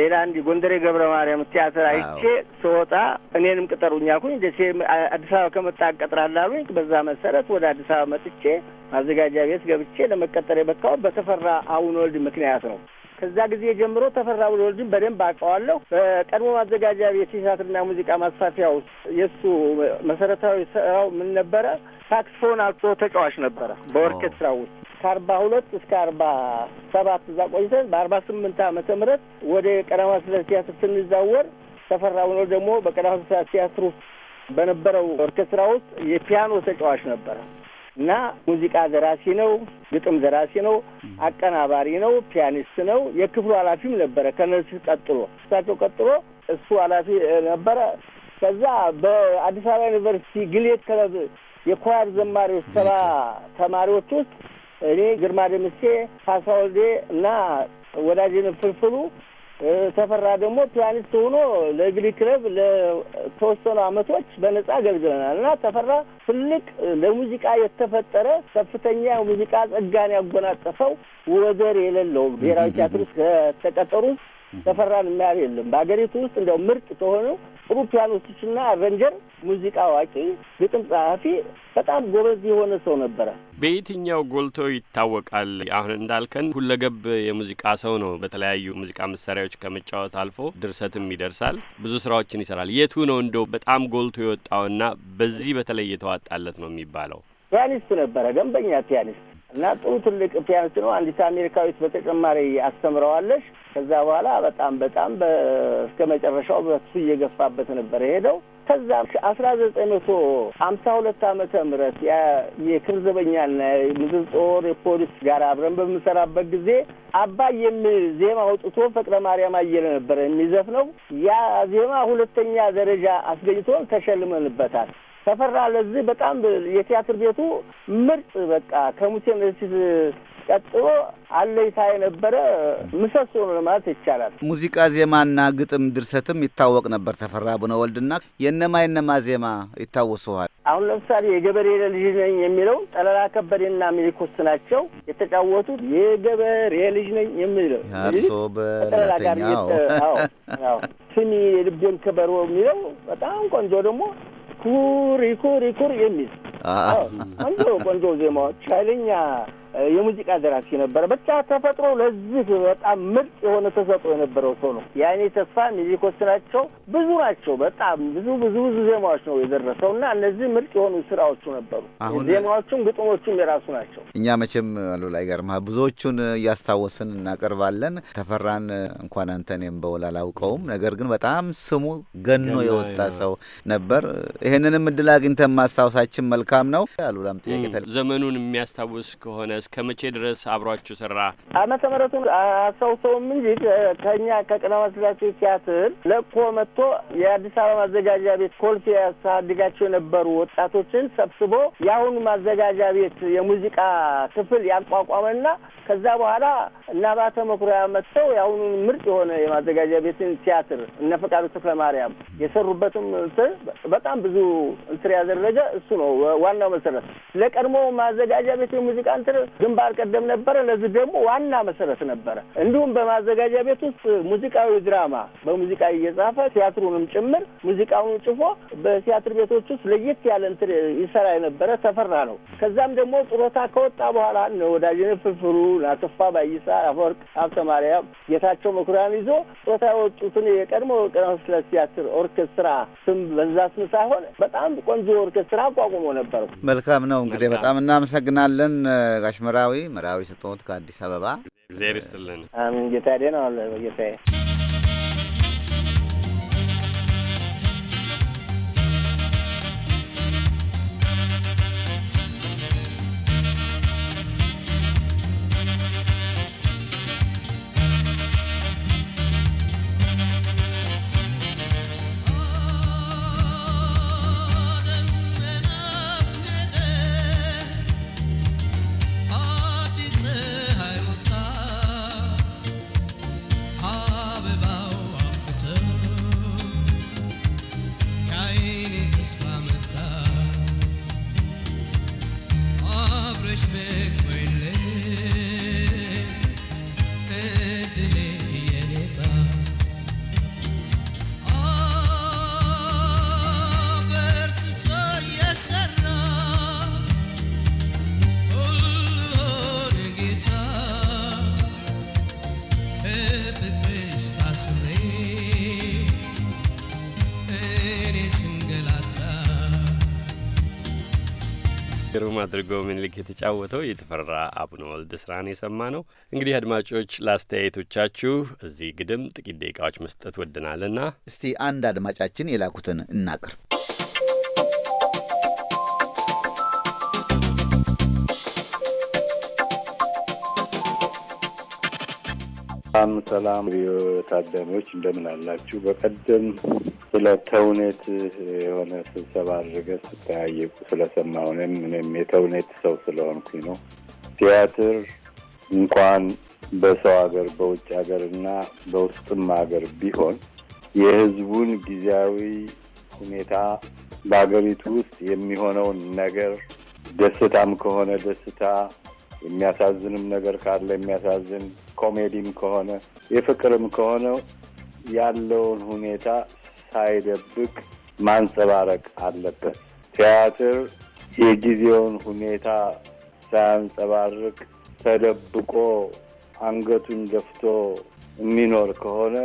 E: ሌላ አንድ ጎንደሬ ገብረ ማርያም ቲያትር አይቼ ስወጣ እኔንም ቅጠሩኝ አልኩኝ። ደሴ አዲስ አበባ ከመጣ እቀጥራለሁ። በዛ መሰረት ወደ አዲስ አበባ መጥቼ ማዘጋጃ ቤት ገብቼ ለመቀጠር የበቃሁት በተፈራ አቡነ ወልድ ምክንያት ነው። ከዛ ጊዜ ጀምሮ ተፈራ ወልድን በደንብ አውቀዋለሁ። በቀድሞ ማዘጋጃ ቤት ቲያትርና ሙዚቃ ማስፋፊያ ውስጥ የእሱ መሰረታዊ ስራው ምን ነበረ? ሳክስፎን አልቶ ተጫዋች ነበረ በወርኬስትራ ውስጥ ከአርባ ሁለት እስከ አርባ ሰባት እዛ ቆይተን በአርባ ስምንት ዓመተ ምህረት ወደ ቀዳማዊ ሥላሴ ቲያትር ስንዛወር ተፈራ ወልድ ደግሞ በቀዳማዊ ሥላሴ ቲያትር ውስጥ በነበረው ኦርኬስትራ ውስጥ የፒያኖ ተጫዋች ነበረ። እና ሙዚቃ ዘራሲ ነው፣ ግጥም ዘራሲ ነው፣ አቀናባሪ ነው፣ ፒያኒስት ነው። የክፍሉ ኃላፊም ነበረ ከነሱ ቀጥሎ እሳቸው ቀጥሎ እሱ ኃላፊ ነበረ። ከዛ በአዲስ አበባ ዩኒቨርሲቲ ግሌት ክለብ የኳር ዘማሪዎች ሰባ ተማሪዎች ውስጥ እኔ ግርማ ደምሴ፣ ካሳ ወልዴ እና ወዳጅን ፍልፍሉ ተፈራ ደግሞ ፒያኒስት ሆኖ ለግሊ ክለብ ለተወሰኑ አመቶች በነጻ አገልግለናል እና ተፈራ ትልቅ ለሙዚቃ የተፈጠረ ከፍተኛ ሙዚቃ ጸጋን ያጎናጸፈው ወደር የሌለው ብሔራዊ ቲያትር ውስጥ ከተቀጠሩ ተፈራን የሚያህል የለም። በሀገሪቱ ውስጥ እንዲያው ምርጥ ከሆነው ጥሩ ፒያኖስትና አቨንጀር ሙዚቃ አዋቂ፣ ግጥም ጸሐፊ በጣም ጎበዝ የሆነ ሰው ነበረ።
B: በየትኛው ጎልቶ ይታወቃል? አሁን እንዳልከን ሁለገብ የሙዚቃ ሰው ነው። በተለያዩ ሙዚቃ መሳሪያዎች ከመጫወት አልፎ ድርሰትም ይደርሳል፣ ብዙ ስራዎችን ይሰራል። የቱ ነው እንደው በጣም ጎልቶ የወጣውና በዚህ በተለይ የተዋጣለት ነው የሚባለው?
E: ፒያኒስት ነበረ፣ ገንበኛ ፒያኒስት እና ጥሩ ትልቅ ፒያኒስት ነው። አንዲት አሜሪካዊት በተጨማሪ አስተምረዋለች። ከዛ በኋላ በጣም በጣም እስከ መጨረሻው በሱ እየገፋበት ነበር የሄደው። ከዛ አስራ ዘጠኝ መቶ ሀምሳ ሁለት ዓመተ ምህረት የክብር ዘበኛና የምድር ጦር የፖሊስ ጋር አብረን በምንሰራበት ጊዜ አባይ የሚል ዜማ አውጥቶ ፍቅረ ማርያም አየለ ነበረ የሚዘፍነው። ያ ዜማ ሁለተኛ ደረጃ አስገኝቶን ተሸልመንበታል። ተፈራ ለዚህ በጣም የቲያትር ቤቱ ምርጥ በቃ ከሙሴ ምርት ቀጥሎ አለይታ የነበረ ምሰሶ ነው ማለት ይቻላል።
C: ሙዚቃ ዜማና ግጥም ድርሰትም ይታወቅ ነበር። ተፈራ ቡነ ወልድና የእነማ የእነማ ዜማ ይታወሰዋል።
E: አሁን ለምሳሌ የገበሬ ልጅ ነኝ የሚለው ጠለላ ከበዴና ሚሊኮስ ናቸው የተጫወቱት። የገበሬ ልጅ ነኝ የሚለው አርሶ
C: በጠለላ
E: ስሚ የልቤን ከበሮ የሚለው በጣም ቆንጆ ደግሞ ኩሪ ኩሪ ኩር የሚል ቆንጆ ቆንጆ ዜማዎች ኃይለኛ የሙዚቃ ደራሲ ነበረ። ብቻ ተፈጥሮ ለዚህ በጣም ምርጥ የሆነ ተሰጥኦ የነበረው ሰው ነው። ያኔ ተስፋ ሙዚኮች ናቸው፣ ብዙ ናቸው። በጣም ብዙ ብዙ ብዙ ዜማዎች ነው የደረሰው እና እነዚህ ምርጥ የሆኑ ስራዎቹ ነበሩ። ዜማዎቹም ግጥሞቹም የራሱ ናቸው።
C: እኛ መቼም አሉ ላይ ገርማ ብዙዎቹን እያስታወስን እናቀርባለን። ተፈራን እንኳን አንተ እኔም በውል አላውቀውም፣ ነገር ግን በጣም ስሙ ገኖ የወጣ ሰው ነበር። ይህንንም እድል አግኝተን ማስታወሳችን መልካም ነው። አሉላም ጥያቄ
B: ዘመኑን የሚያስታውስ ከሆነ እስከ መቼ ድረስ አብሯችሁ ሰራ?
E: አመተ ምሕረቱን አሳውሰውም እንጂ ከኛ ከቅናዋ ስላሴ ቲያትር ለቆ መጥቶ የአዲስ አበባ ማዘጋጃ ቤት ኮልፌ ያሳድጋቸው የነበሩ ወጣቶችን ሰብስቦ የአሁኑ ማዘጋጃ ቤት የሙዚቃ ክፍል ያቋቋመና ከዛ በኋላ እና ባተ መኩሪያ መጥተው የአሁኑን ምርጥ የሆነ የማዘጋጃ ቤትን ቲያትር እነ ፈቃዱ ተክለ ማርያም የሰሩበትም እንትን በጣም ብዙ እንትን ያደረገ እሱ ነው ዋናው መሰረት። ለቀድሞ ማዘጋጃ ቤት የሙዚቃ እንትን ግንባር ቀደም ነበረ። ለዚህ ደግሞ ዋና መሰረት ነበረ። እንዲሁም በማዘጋጃ ቤት ውስጥ ሙዚቃዊ ድራማ በሙዚቃ እየጻፈ ቲያትሩንም ጭምር ሙዚቃውን ጭፎ በቲያትር ቤቶች ውስጥ ለየት ያለ እንትን ይሰራ የነበረ ተፈራ ነው። ከዛም ደግሞ ጡረታ ከወጣ በኋላ ወዳጄን ፍርፍሩ፣ ናስፋ ባይሳ፣ አፈወርቅ ማርያም፣ ጌታቸው መኩሪያን ይዞ ጡረታ የወጡትን የቀድሞ ቀነስለት ቲያትር ኦርኬስትራ ስም በዛ ስም ሳይሆን በጣም ቆንጆ ኦርኬስትራ አቋቁሞ ነበር።
C: መልካም ነው እንግዲህ በጣም እናመሰግናለን ጋሽ መራዊ መራዊ ስጦት ከአዲስ አበባ።
B: እግዚአብሔር ይስጥልን።
E: አሜን። ጌታ ደህና ዋለ ጌታዬ
B: ግሩም አድርገው ምኒልክ የተጫወተው የተፈራ አቡነ ወልድ ስራን የሰማ ነው። እንግዲህ አድማጮች ለአስተያየቶቻችሁ እዚህ ግድም ጥቂት ደቂቃዎች መስጠት ወድናልና
C: እስቲ አንድ አድማጫችን የላኩትን እናቅርብ።
L: ሰላም ሰላም ታዳሚዎች እንደምን አላችሁ? በቀደም ስለ ተውኔት የሆነ ስብሰባ አድርገ ስተያየቁ ስለሰማሁ እኔም እኔም የተውኔት ሰው ስለሆንኩኝ ነው። ቲያትር እንኳን በሰው ሀገር በውጭ ሀገር እና በውስጥም ሀገር ቢሆን የህዝቡን ጊዜያዊ ሁኔታ በሀገሪቱ ውስጥ የሚሆነውን ነገር ደስታም ከሆነ ደስታ፣ የሚያሳዝንም ነገር ካለ የሚያሳዝን፣ ኮሜዲም ከሆነ የፍቅርም ከሆነ ያለውን ሁኔታ ሳይደብቅ ማንጸባረቅ አለበት። ቲያትር የጊዜውን ሁኔታ ሳያንጸባርቅ ተደብቆ አንገቱን ደፍቶ የሚኖር ከሆነ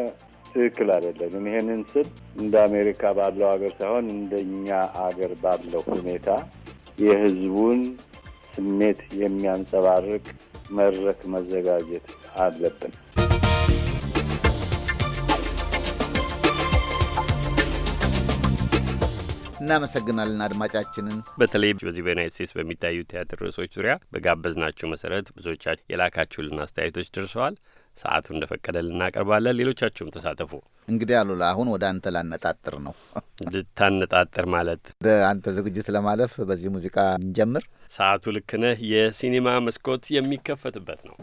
L: ትክክል አይደለም። ይህንን ስል እንደ አሜሪካ ባለው ሀገር ሳይሆን እንደኛ አገር ባለው ሁኔታ የሕዝቡን ስሜት የሚያንጸባርቅ መድረክ መዘጋጀት አለብን።
C: እናመሰግናለን አድማጫችንን።
B: በተለይ በዚህ በዩናይት ስቴትስ በሚታዩ ቲያትር ርዕሶች ዙሪያ በጋበዝናችሁ መሰረት ብዙዎቻችሁ የላካችሁልን አስተያየቶች ደርሰዋል። ሰዓቱ እንደፈቀደ ልናቀርባለን። ሌሎቻችሁም ተሳተፉ። እንግዲህ
C: አሉላ፣ አሁን ወደ አንተ ላነጣጥር ነው። ልታነጣጥር ማለት ወደ አንተ ዝግጅት ለማለፍ
B: በዚህ ሙዚቃ እንጀምር። ሰዓቱ ልክ ነህ። የሲኒማ መስኮት የሚከፈትበት ነው።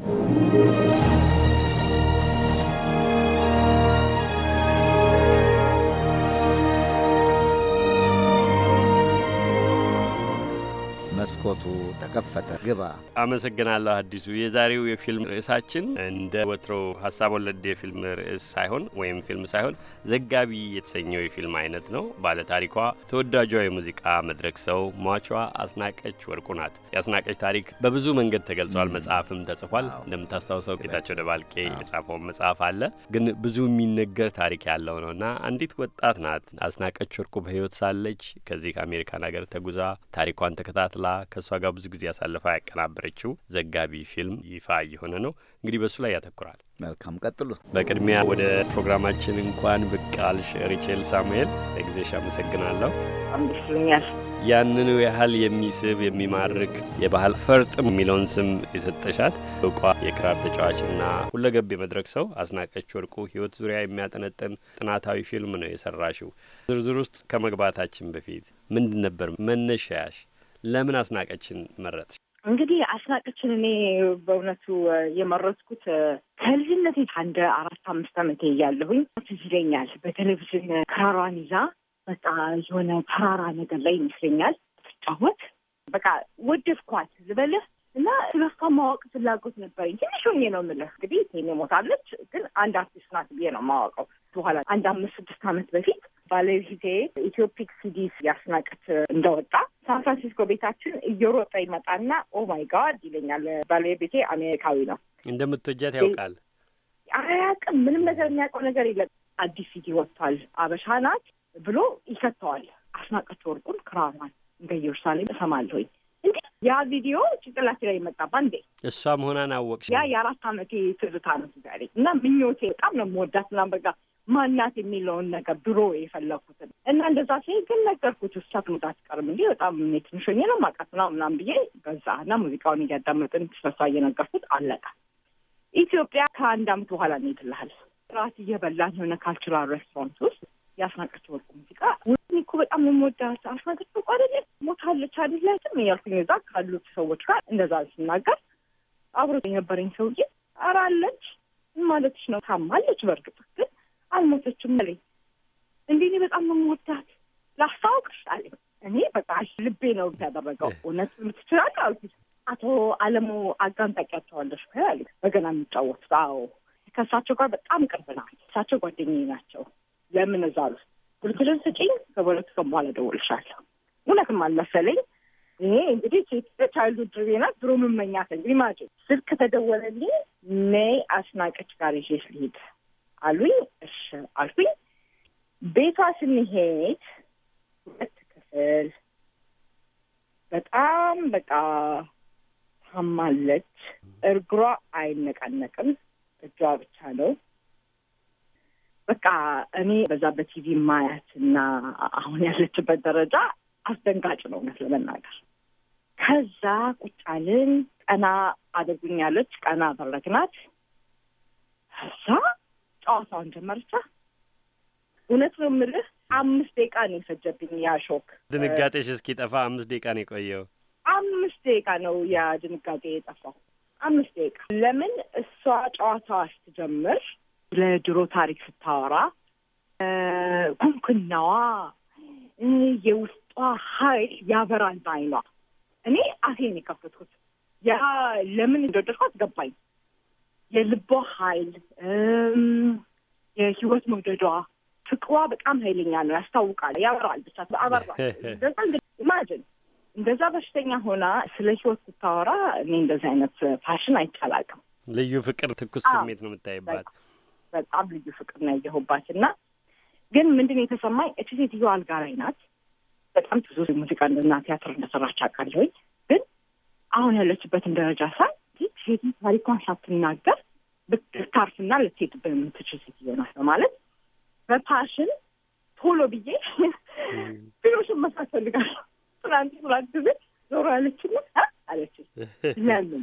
C: መስኮቱ ተከፈተ ግባ።
B: አመሰግናለሁ አዲሱ። የዛሬው የፊልም ርዕሳችን እንደ ወትሮ ሀሳብ ወለድ የፊልም ርዕስ ሳይሆን ወይም ፊልም ሳይሆን ዘጋቢ የተሰኘው የፊልም አይነት ነው። ባለታሪኳ ተወዳጇ የሙዚቃ መድረክ ሰው ሟቿ አስናቀች ወርቁ ናት። የአስናቀች ታሪክ በብዙ መንገድ ተገልጿል፣ መጽሐፍም ተጽፏል። እንደምታስታውሰው ጌታቸው ደባልቄ የጻፈውን መጽሐፍ አለ። ግን ብዙ የሚነገር ታሪክ ያለው ነው እና አንዲት ወጣት ናት አስናቀች ወርቁ በህይወት ሳለች ከዚህ ከአሜሪካን ሀገር ተጉዛ ታሪኳን ተከታትላ ከእሷ ጋር ብዙ ጊዜ አሳልፋ ያቀናበረችው ዘጋቢ ፊልም ይፋ እየሆነ ነው። እንግዲህ በእሱ ላይ ያተኩራል። መልካም ቀጥሉ። በቅድሚያ ወደ ፕሮግራማችን እንኳን ብቅ አልሽ ሪቼል ሳሙኤል፣ ለጊዜሽ አመሰግናለሁ።
M: አምስኛል
B: ያንኑ ያህል የሚስብ የሚማርክ የባህል ፈርጥ የሚለውን ስም የሰጠሻት እውቋ የክራር ተጫዋችና ሁለገብ የመድረክ ሰው አስናቀች ወርቁ ሕይወት ዙሪያ የሚያጠነጥን ጥናታዊ ፊልም ነው የሰራሽው። ዝርዝር ውስጥ ከመግባታችን በፊት ምንድን ነበር መነሻያሽ? ለምን አስናቀችን መረጥ?
M: እንግዲህ አስናቀችን እኔ በእውነቱ የመረጥኩት ከልጅነቴ አንድ አራት አምስት ዓመቴ እያለሁኝ ትዝ ይለኛል በቴሌቪዥን ክራሯን ይዛ በቃ የሆነ ተራራ ነገር ላይ ይመስለኛል ትጫወት በቃ ወደድኳት ልበልህ እና ስለሷ ማወቅ ፍላጎት ነበረኝ። ትንሽ ሆኜ ነው የምልህ እንግዲህ ቴኔ ሞታለች፣ ግን አንድ አርቲስት ናት ብዬ ነው የማወቀው። በኋላ አንድ አምስት ስድስት ዓመት በፊት ባለቤቴ ኢትዮፒክ ሲዲስ ያስናቅት እንደወጣ ሳን ፍራንሲስኮ ቤታችን እየሮጠ ይመጣና ኦ ማይ ጋድ ይለኛል። ባለቤቴ አሜሪካዊ ነው።
B: እንደምትወጃት ያውቃል?
M: አያውቅም። ምንም ነገር የሚያውቀው ነገር የለም። አዲስ ሲዲ ወጥቷል፣ አበሻ ናት ብሎ ይከተዋል። አስናቀች ወርቁን ክራሯን እንደ ኢየሩሳሌም እሰማለሁኝ እንዲ ያ ቪዲዮ ጭንቅላቴ ላይ መጣባ እንዴ
B: እሷ መሆኗን አወቅሽ?
M: ያ የአራት አመቴ ትዝታ ነው ዛሬ እና ምኞቴ በጣም ነው መወዳት ና በቃ ማናት የሚለውን ነገር ድሮ የፈለኩትን እና እንደዛ ሲል ግን ነገርኩት ውሳት ትሞት ቀርም እንዲ በጣም ትንሽ ነው ማቃት ና ምናም ብዬ በዛ እና ሙዚቃውን እያዳመጥን ስለሷ እየነገርኩት አለቀ። ኢትዮጵያ ከአንድ አመት በኋላ ነው ይትልሃል ራት እየበላን የሆነ ካልቸራል ሬስፖንስ ውስጥ የአስናቀች ወርቁ ሙዚቃ እኔ እኮ በጣም ነው የምወዳት አስናቀች ወርቁ አይደለ ሞታለች አይደለችም እያልኩኝ እዛ ካሉት ሰዎች ጋር እንደዛ ስናገር አብሮ የነበረኝ ሰውዬ ኧረ አለች ማለትሽ ነው ታማለች፣ በእርግጥ ግን አልሞተችም አለኝ። እንዴ እኔ በጣም የምወዳት ላስታውቅሽ አለኝ። እኔ በቃ ልቤ ነው ያደረገው። እውነት ምትችላለ አልኩት። አቶ አለሙ አጋን ጠቂያቸዋለሽ አለኝ። በገና የሚጫወቱት አዎ፣ ከእሳቸው ጋር በጣም ቅርብ ናት። እሳቸው ጓደኛዬ ናቸው። ለምን እዛ ነው ብልክልን ስጪኝ ከፖለቲካ በኋላ እደውልልሻለሁ። እውነትም አልመሰለኝ። ይሄ እንግዲህ ቻይልዱ ቻይልድሁድ ናት። ድሮ ምመኛት እንግዲህ ማጭ ስልክ ተደወለልኝ። ነይ አስናቀች ጋር ይሄ ልሂድ አሉኝ። እሺ አልኩኝ። ቤቷ ስንሄድ ሁለት ክፍል በጣም በቃ ታማለች። እግሯ አይነቃነቅም፣ እጇ ብቻ ነው በቃ እኔ በዛ በቲቪ ማያት እና አሁን ያለችበት ደረጃ አስደንጋጭ ነው እውነት ለመናገር። ከዛ ቁጫልን ቀና አድርጉኛለች። ቀና አደረግናት። እዛ ጨዋታውን ጀመርቻ እውነት ነው የምልህ አምስት ደቂቃ ነው የፈጀብኝ ያ ሾክ። ድንጋጤሽ
B: ጠፋ አምስት ደቂቃ ነው የቆየው።
M: አምስት ደቂቃ ነው ያ ድንጋጤ የጠፋው። አምስት ደቂቃ ለምን እሷ ጨዋታ ስትጀምር ለድሮ ታሪክ ስታወራ ኩንክናዋ የውስጧ ኃይል ያበራል በአይኗ እኔ አፌን የከፈትኩት ያ ለምን እንደወደድኩ አስገባኝ። የልቧ ኃይል፣ የህይወት መውደዷ፣ ፍቅሯ በጣም ኃይለኛ ነው። ያስታውቃል፣ ያበራል። ብቻ አበራል። እንደዛ እንግዲህ ኢማጅን እንደዛ በሽተኛ ሆና ስለ ህይወት ስታወራ እኔ እንደዚህ አይነት ፋሽን አይቻላቅም።
B: ልዩ ፍቅር፣ ትኩስ ስሜት ነው የምታይባት። በጣም ልዩ ፍቅር ነው ያየሁባት
M: እና ግን ምንድን ነው የተሰማኝ እቺ ሴትዮ አልጋ ላይ ናት። በጣም ብዙ ሙዚቃ ሙዚቃና ቲያትር እንደሰራች አውቃለሁኝ። ግን አሁን ያለችበትን ደረጃ ሳይ ሴት ታሪኳን ሳትናገር ልታርፍና ልትሄድ በምትችል ሴትዮ ናት በማለት በፓሽን ቶሎ ብዬ ሌሎችን መስራት ፈልጋለሁ። ትናንት ሁላት ጊዜ ዞሮ ያለችን አለችን። ለምን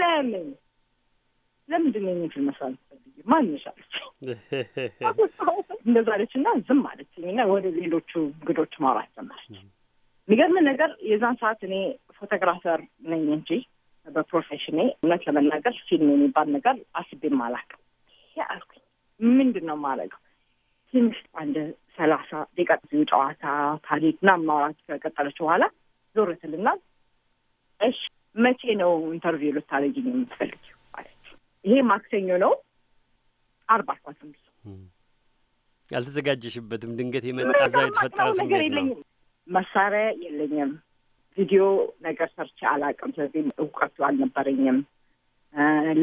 M: ለምን ለምንድን ነው የሚል መስራት ማንሻለች እንደዛ አለች እና ዝም አለች እና ወደ ሌሎቹ እንግዶች ማውራት ጀመረች። የሚገርም ነገር የዛን ሰዓት እኔ ፎቶግራፈር ነኝ እንጂ በፕሮፌሽኔ እውነት ለመናገር ፊልም የሚባል ነገር አስቤ ማላቅ አልኩኝ ምንድን ነው የማደርገው? ትንሽ አንድ ሰላሳ ደቂቃ ጨዋታ ታሪክ ምናምን ማውራት ከቀጠለች በኋላ ዞር ትልና እሺ መቼ ነው ኢንተርቪው ልታደርጊኝ የምትፈልጊው? አለች። ይሄ ማክሰኞ ነው አርባ አስራ ስምንት
B: አልተዘጋጀሽበትም። ድንገት የመጣ እዛ የተፈጠረ ስሜት ነው።
M: መሳሪያ የለኝም። ቪዲዮ ነገር ሰርቼ አላውቅም። ስለዚህ እውቀቱ አልነበረኝም።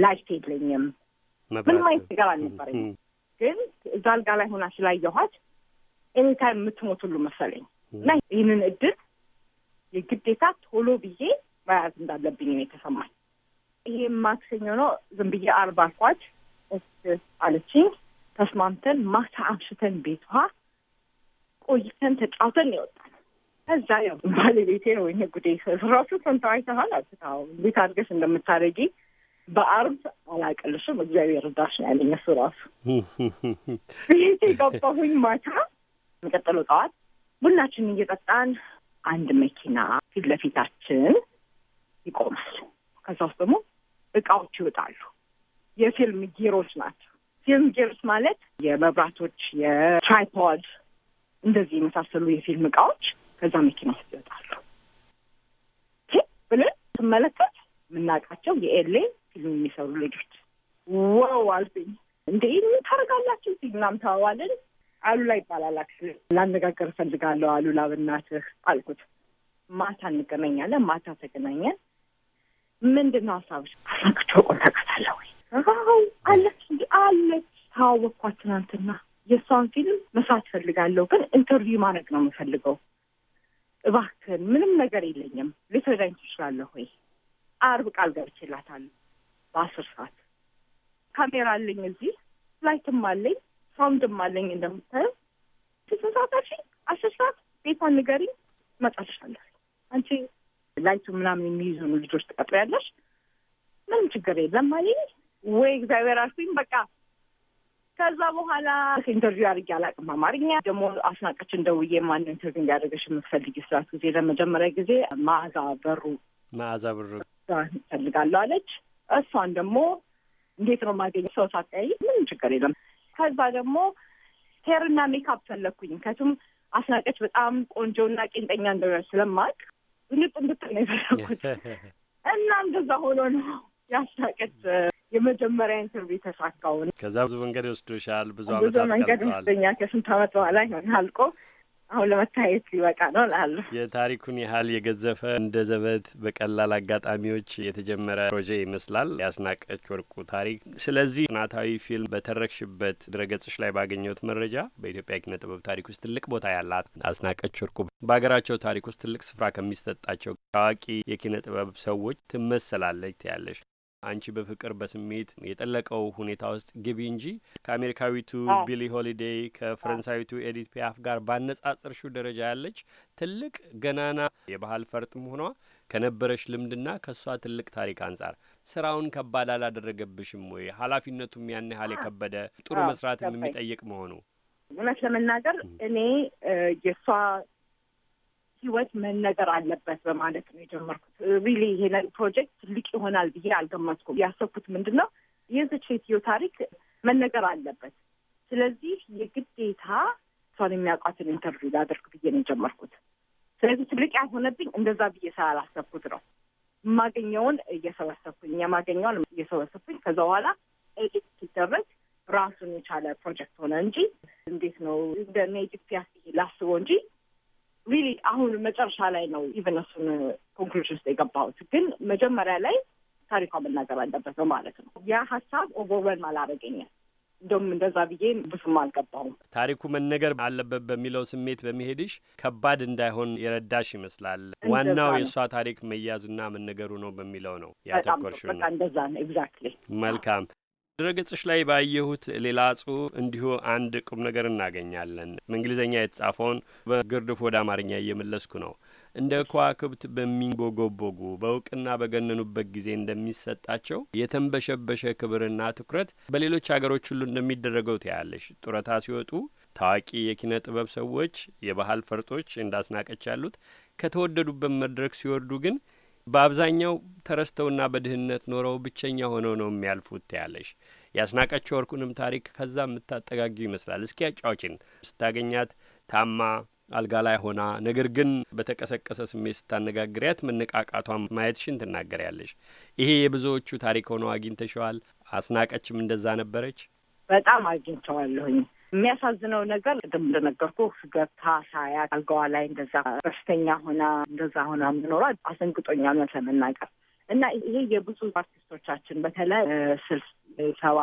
M: ላይት የለኝም። ምን አይነት ነገር አልነበረኝም። ግን እዛ አልጋ ላይ ሆና ስላየኋት ኤኒታይም የምትሞት ሁሉ መሰለኝ እና ይህንን እድል የግዴታ ቶሎ ብዬ መያዝ እንዳለብኝ ነው የተሰማኝ። ይሄ ማክሰኞ ነው። ዝም ብዬ አርባ አልኳት። እስ አለችኝ። ተስማምተን ማታ አምሽተን ቤቷ ቆይተን ተጫውተን ይወጣል። ከዛ ያው ባለቤቴ ነው ወይ ጉዴ ስራዎቹን ሰምተው አይተሃል አልተው እንዴት አድርገሽ እንደምታደርጊ በአርብ አላቀልሽም እግዚአብሔር እርዳሽ ነው ያለኝ እሱ ራሱ። ቤቴ ገባሁኝ ማታ። የሚቀጥለው ጠዋት ቡናችንን እየጠጣን አንድ መኪና ፊት ለፊታችን ይቆማል። ከዛ ውስጥ ደግሞ እቃዎች ይወጣሉ። የፊልም ጊሮች ናቸው። ፊልም ጊሮች ማለት የመብራቶች፣ የትራይፖድ እንደዚህ የመሳሰሉ የፊልም እቃዎች ከዛ መኪና ውስጥ ይወጣሉ። ብለን ስመለከት የምናውቃቸው የኤሌ ፊልም የሚሰሩ ልጆች ዋው አልኩኝ። እንዴ ምን ታደርጋላችሁ እዚህ ምናምን ተዋዋልን። አሉላ ይባላል አክቹዋሊ ላነጋገር እፈልጋለሁ አሉላ በእናትህ አልኩት። ማታ እንገናኛለን። ማታ ተገናኘን። ምንድን ነው ሀሳብሽ? አሳክቶ
A: ቆታቀታለሁ
M: አው አለች እንዲ አለች ተዋወቅኳት ትናንትና። የእሷን ፊልም መስራት ፈልጋለሁ፣ ግን ኢንተርቪው ማድረግ ነው የምፈልገው። እባክን ምንም ነገር የለኝም ልትረዳኝ ትችላለህ ወይ? አርብ ቃል ገብችላታል በአስር ሰዓት ካሜራ አለኝ እዚህ ላይትም አለኝ ሳውንድም አለኝ እንደምታየው። ስንት ሰዓት አልሽኝ? አስር ሰዓት ቤቷን ንገሪኝ እመጣልሻለሁ። አንቺ ላይቱ ምናምን የሚይዙን ልጆች ትቀጥሪያለሽ፣ ምንም ችግር የለም አለኝ። ወይ እግዚአብሔር አርሱኝ በቃ። ከዛ በኋላ ኢንተርቪው አድርጌ አላውቅም። አማርኛ ደግሞ አስናቀች እንደውዬ ማን ኢንተርቪው እንዲያደርገሽ የምትፈልጊ ስራት ጊዜ ለመጀመሪያ ጊዜ መዓዛ በሩ መዓዛ በሩ እፈልጋለሁ አለች። እሷን ደግሞ እንዴት ነው የማገኘው ሰው ሳትቀያይ ምንም ችግር የለም። ከዛ ደግሞ ሄርና ሜካፕ ፈለግኩኝ። ከቱም አስናቀች በጣም ቆንጆና ቂንጠኛ እንደሆነ ስለማቅ ንጥ እንድትል ነው የፈለኩት እና እንደዛ ሆኖ ነው ያስናቀች የመጀመሪያ ኢንተርቪው የተሳካው።
B: ከዛ ብዙ መንገድ ይወስዶሻል። ብዙ ብዙ መንገድ ወስደኛ።
M: ከስንት አመት በኋላ ይሆን አልቆ አሁን ለመታየት ሊበቃ ነው እላለሁ።
B: የታሪኩን ያህል የገዘፈ እንደ ዘበት በቀላል አጋጣሚዎች የተጀመረ ፕሮጀ ይመስላል ያስናቀች ወርቁ ታሪክ። ስለዚህ ጥናታዊ ፊልም በተረክሽበት ድረገጾች ላይ ባገኘሁት መረጃ በኢትዮጵያ ኪነ ጥበብ ታሪክ ውስጥ ትልቅ ቦታ ያላት አስናቀች ወርቁ በሀገራቸው ታሪክ ውስጥ ትልቅ ስፍራ ከሚሰጣቸው ታዋቂ የኪነ ጥበብ ሰዎች ትመሰላለች ትያለሽ። አንቺ በፍቅር በስሜት የጠለቀው ሁኔታ ውስጥ ግቢ እንጂ ከአሜሪካዊቱ ቢሊ ሆሊዴይ ከፈረንሳዊቱ ኤዲት ፒያፍ ጋር ባነጻጽርሹ ደረጃ ያለች ትልቅ ገናና የባህል ፈርጥ መሆኗ ከነበረሽ ልምድና ከእሷ ትልቅ ታሪክ አንጻር ስራውን ከባድ አላደረገብሽም ወይ? ኃላፊነቱም ያን ያህል የከበደ ጥሩ መስራትም የሚጠይቅ መሆኑ
M: እውነት ለመናገር እኔ የእሷ ህይወት መነገር አለበት በማለት ነው የጀመርኩት። ሪሊ ይሄ ፕሮጀክት ትልቅ ይሆናል ብዬ አልገመትኩም። ያሰብኩት ምንድን ነው የዚች ሴትዮ ታሪክ መነገር አለበት። ስለዚህ የግዴታ እሷን የሚያውቋትን ኢንተርቪው ላደርግ ብዬ ነው የጀመርኩት። ስለዚህ ትልቅ ያልሆነብኝ እንደዛ ብዬ ስላላሰብኩት ነው። የማገኘውን እየሰበሰብኩኝ የማገኘውን እየሰበሰብኩኝ ከዛ በኋላ ኤዲት ሲደረግ ራሱን የቻለ ፕሮጀክት ሆነ እንጂ እንዴት ነው እንደ ኢትዮጵያ ላስበው እንጂ ሪሊ አሁን መጨረሻ ላይ ነው ኢቨን እሱን ኮንክሉዥን ውስጥ የገባሁት። ግን መጀመሪያ ላይ ታሪኳ መናገር አለበት ነው ማለት ነው። ያ ሀሳብ ኦቨርዌልም አላረገኛል። እንደውም እንደዛ ብዬ ብዙም አልገባሁም።
B: ታሪኩ መነገር አለበት በሚለው ስሜት በመሄድሽ ከባድ እንዳይሆን የረዳሽ ይመስላል። ዋናው የእሷ ታሪክ መያዝና መነገሩ ነው በሚለው ነው ያተኮርሽ። በቃ
M: እንደዛ ነው ኤግዛክትሊ።
B: መልካም ድረገጾች ላይ ባየሁት ሌላ ጽሁፍ እንዲሁ አንድ ቁም ነገር እናገኛለን። በእንግሊዝኛ የተጻፈውን በግርድፍ ወደ አማርኛ እየመለስኩ ነው። እንደ ከዋክብት በሚንቦጎቦጉ በእውቅና በገነኑበት ጊዜ እንደሚሰጣቸው የተንበሸበሸ ክብርና ትኩረት በሌሎች አገሮች ሁሉ እንደሚደረገው ትያለሽ። ጡረታ ሲወጡ ታዋቂ የኪነ ጥበብ ሰዎች፣ የባህል ፈርጦች እንዳስናቀች ያሉት ከተወደዱበት መድረክ ሲወርዱ ግን በአብዛኛው ተረስተውና በድህነት ኖረው ብቸኛ ሆነው ነው የሚያልፉት ያለሽ ያስናቀችው ወርቁንም ታሪክ ከዛ የምታጠጋጊው ይመስላል። እስኪ ያጫዎችን ስታገኛት ታማ አልጋ ላይ ሆና ነገር ግን በተቀሰቀሰ ስሜት ስታነጋግሪያት መነቃቃቷን ማየትሽን ትናገሪያለሽ። ይሄ የብዙዎቹ ታሪክ ሆኖ አግኝተሸዋል። አስናቀችም እንደዛ ነበረች።
M: በጣም አግኝተዋለሁኝ። የሚያሳዝነው ነገር ቅድም እንደነገርኩ ገብታ ሳያ አልጋዋ ላይ እንደዛ በሽተኛ ሆና እንደዛ ሆና የምኖሯ አሰንግጦኛል እውነት ለመናገር እና ይሄ የብዙ አርቲስቶቻችን በተለይ ስልስ ሰባ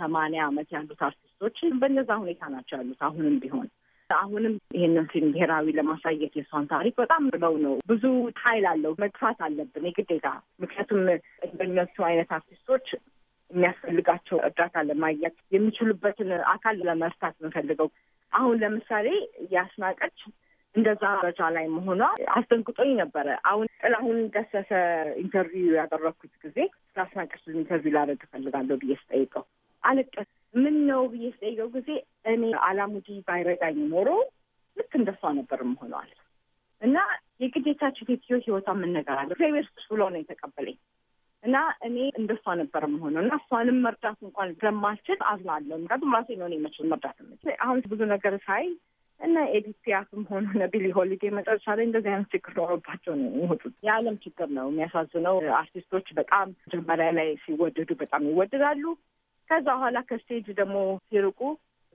M: ሰማንያ ዓመት ያሉት አርቲስቶች በነዛ ሁኔታ ናቸው ያሉት አሁንም ቢሆን አሁንም ይህንን ፊልም ብሔራዊ ለማሳየት የሷን ታሪክ በጣም ብለው ነው። ብዙ ኃይል አለው። መግፋት አለብን የግዴታ ምክንያቱም እንደነሱ አይነት አርቲስቶች የሚያስፈልጋቸው እርዳታ ለማግኘት የሚችሉበትን አካል ለመርታት የምንፈልገው አሁን ለምሳሌ ያስናቀች እንደዛ ረጃ ላይ መሆኗ አስደንግጦኝ ነበረ። አሁን ጥላሁን ገሰሰ ኢንተርቪው ያደረግኩት ጊዜ ያስናቀች ኢንተርቪው ላደርግ እፈልጋለሁ ብዬ ስጠይቀው አለቀ። ምን ነው ብዬ ስጠይቀው ጊዜ እኔ አላሙዲ ባይረዳኝ ኖሮ ልክ እንደሷ ነበር መሆነዋል እና የግዴታችን ሴትዮ ህይወቷ የምነገራለ እግዚአብሔር ብሎ ነው የተቀበለኝ እና እኔ እንደሷ ነበር መሆነው እና እሷንም መርዳት እንኳን ስለማልችል አዝናለሁ። ምክንያቱም ራሴ ነው የመችል መርዳት የምችል አሁን ብዙ ነገር ሳይ እና ኤዲት ፒያፍም ሆነ ቢሊ ሆሊዴ መጨረሻ ላይ እንደዚህ አይነት ችግር ኖሮባቸው ነው የሚወጡት። የዓለም ችግር ነው የሚያሳዝነው። አርቲስቶች በጣም መጀመሪያ ላይ ሲወደዱ በጣም ይወደዳሉ። ከዛ በኋላ ከስቴጅ ደግሞ ሲርቁ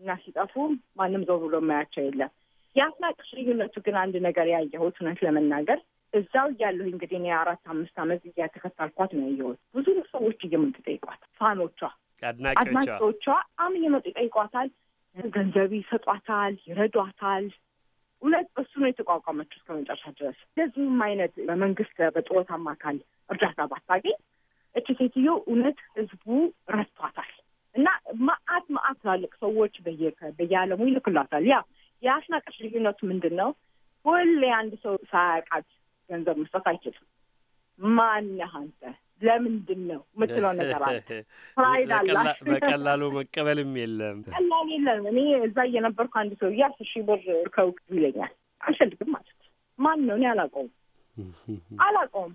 M: እና ሲጠፉ ማንም ዞር ብሎ የማያቸው የለም። የአስናቀሽ ልዩነቱ ግን አንድ ነገር ያየሁት እውነት ለመናገር እዛው እያለሁ እንግዲህ እኔ አራት አምስት አመት እያተከታልኳት ነው ያየሁት። ብዙ ሰዎች እየመጡ ይጠይቋት፣ ፋኖቿ፣
B: አድናቂዎቿ
M: አም እየመጡ ይጠይቋታል፣ ገንዘብ ይሰጧታል፣ ይረዷታል። እውነት እሱ ነው የተቋቋመችው እስከ መጨረሻ ድረስ። እንደዚህም አይነት በመንግስት በጡረታ አማካል እርዳታ ባታገኝ እች ሴትዮ እውነት ህዝቡ ረድቷታል እና ማአት ማአት ትላልቅ ሰዎች በየአለሙ ይልክላታል። ያ የአስናቀሽ ልዩነቱ ምንድን ነው? ሁሌ አንድ ሰው ሳያውቃት ገንዘብ መስጠት አይችልም። ማነህ አንተ ለምንድን ነው የምትለው ነገር አለ።
B: ፕራይድ አላሽ። በቀላሉ መቀበልም የለም
M: ቀላል የለም። እኔ እዛ እየነበርኩ አንድ ሰው አስር ሺህ ብር ከውቅ ይለኛል። አልፈልግም ማለት ማን ነው? እኔ አላውቀውም አላውቀውም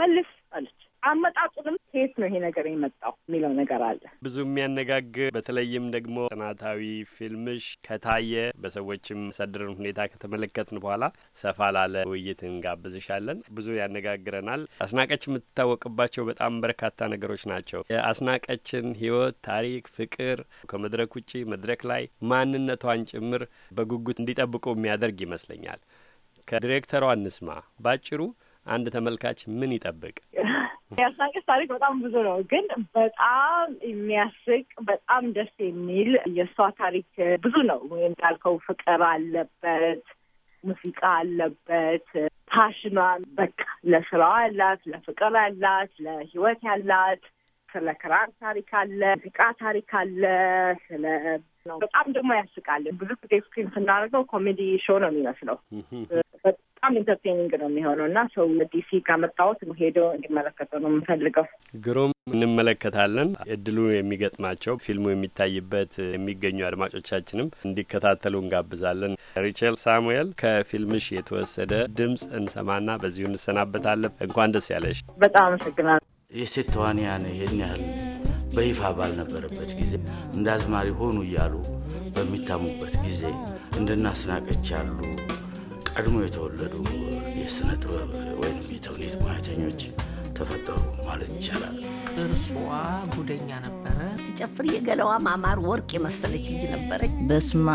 M: መልስ አለች። አመጣጡንም ከየት ነው ይሄ ነገር የመጣው የሚለው ነገር አለ።
B: ብዙ የሚያነጋግር በተለይም ደግሞ ጥናታዊ ፊልምሽ ከታየ በሰዎችም ሰድርን ሁኔታ ከተመለከትን በኋላ ሰፋ ላለ ውይይት እንጋብዝሻለን። ብዙ ያነጋግረናል። አስናቀች የምትታወቅባቸው በጣም በርካታ ነገሮች ናቸው። የአስናቀችን ህይወት ታሪክ፣ ፍቅር ከመድረክ ውጭ መድረክ ላይ ማንነቷን ጭምር በጉጉት እንዲጠብቁ የሚያደርግ ይመስለኛል። ከዲሬክተሯ እንስማ ባጭሩ አንድ ተመልካች ምን ይጠብቅ?
M: ያስናቀስ ታሪክ በጣም ብዙ ነው፣ ግን በጣም የሚያስቅ በጣም ደስ የሚል የእሷ ታሪክ ብዙ ነው። እንዳልከው ፍቅር አለበት፣ ሙዚቃ አለበት፣ ፓሽኗ በቃ ለስራው ያላት፣ ለፍቅር ያላት፣ ለህይወት ያላት ስለ ክራር ታሪክ አለ፣ ሙዚቃ ታሪክ አለ፣ ስለ ነው። በጣም ደግሞ ያስቃል። ብዙ ጊዜ ስክሪን ስናደርገው ኮሜዲ ሾው ነው የሚመስለው። በጣም ኢንተርቴኒንግ ነው የሚሆነው እና ሰው ዲሲ ካመጣሁት ሄደው እንዲመለከተው ነው የምፈልገው።
B: ግሩም እንመለከታለን። እድሉ የሚገጥማቸው ፊልሙ የሚታይበት የሚገኙ አድማጮቻችንም እንዲከታተሉ እንጋብዛለን። ሪቸል ሳሙኤል ከፊልምሽ የተወሰደ ድምፅ እንሰማና በዚሁ እንሰናበታለን። እንኳን ደስ ያለሽ።
M: በጣም አመሰግናለሁ።
B: የሴት ተዋንያን ይህን ያህል በይፋ ባልነበረበት ጊዜ እንደ አዝማሪ ሆኑ እያሉ በሚታሙበት
L: ጊዜ እንደናስናቀች ያሉ ቀድሞ የተወለዱ የስነ ጥበብ ወይም የተውኔት ሙያተኞች ተፈጠሩ ማለት ይቻላል።
G: እርሷ
B: ጉደኛ ነበረ። ትጨፍር የገለዋ ማማር ወርቅ የመሰለች ልጅ ነበረች።
G: በስማ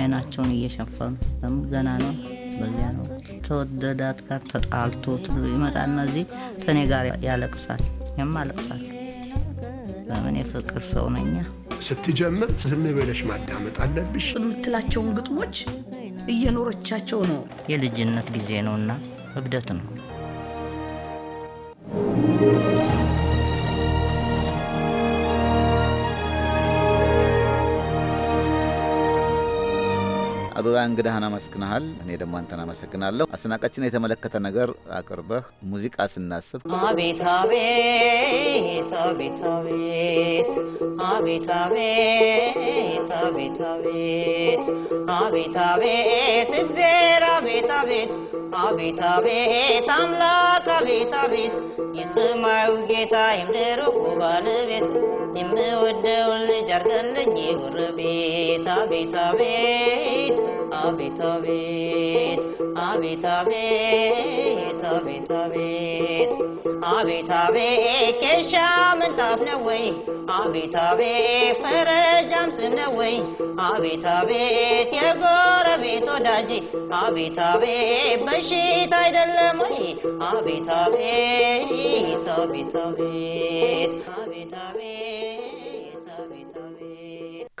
G: አይናቸውን እየሸፈኑ ለምን ገና ነው። በዚያ ነው ተወደዳት ጋር ተጣልቶ ይመጣና እዚህ ተኔ ጋር ያለቅሳል። ያም አለቅሳል በምን የፍቅር ሰው ነኛ። ስትጀምር ዝም ብለሽ ማዳመጥ አለብሽ።
K: የምትላቸውን ግጥሞች እየኖረቻቸው ነው።
G: የልጅነት ጊዜ ነውና እብደት ነው።
C: አሉላ፣ እንግዳህን አመስግናሃል። እኔ ደግሞ አንተን አመሰግናለሁ። አስናቀችን የተመለከተ ነገር አቅርበህ ሙዚቃ ስናስብ አቤት
G: አቤት አቤት አቤት አቤት አቤት አቤት አቤት አቤት አቤት እግዜር አቤት አቤት አቤት አቤት አምላክ አቤት አቤት የሰማዩ ጌታ የምድሩ ባለቤት የምወደውን ልጅ አርገለኝ ጉርቤት አቤት አቤት አቤት አቤት አቤት አቤት ኬሻ ምንጣፍ ነው ወይ? አቤታቤ ፈረጃም ስም ነው ወይ? አቤታቤት አቤት የጎረቤት ወዳጅ አቤታቤ አቤት በሽታ አይደለም ወይ? አቤት አቤት አቤት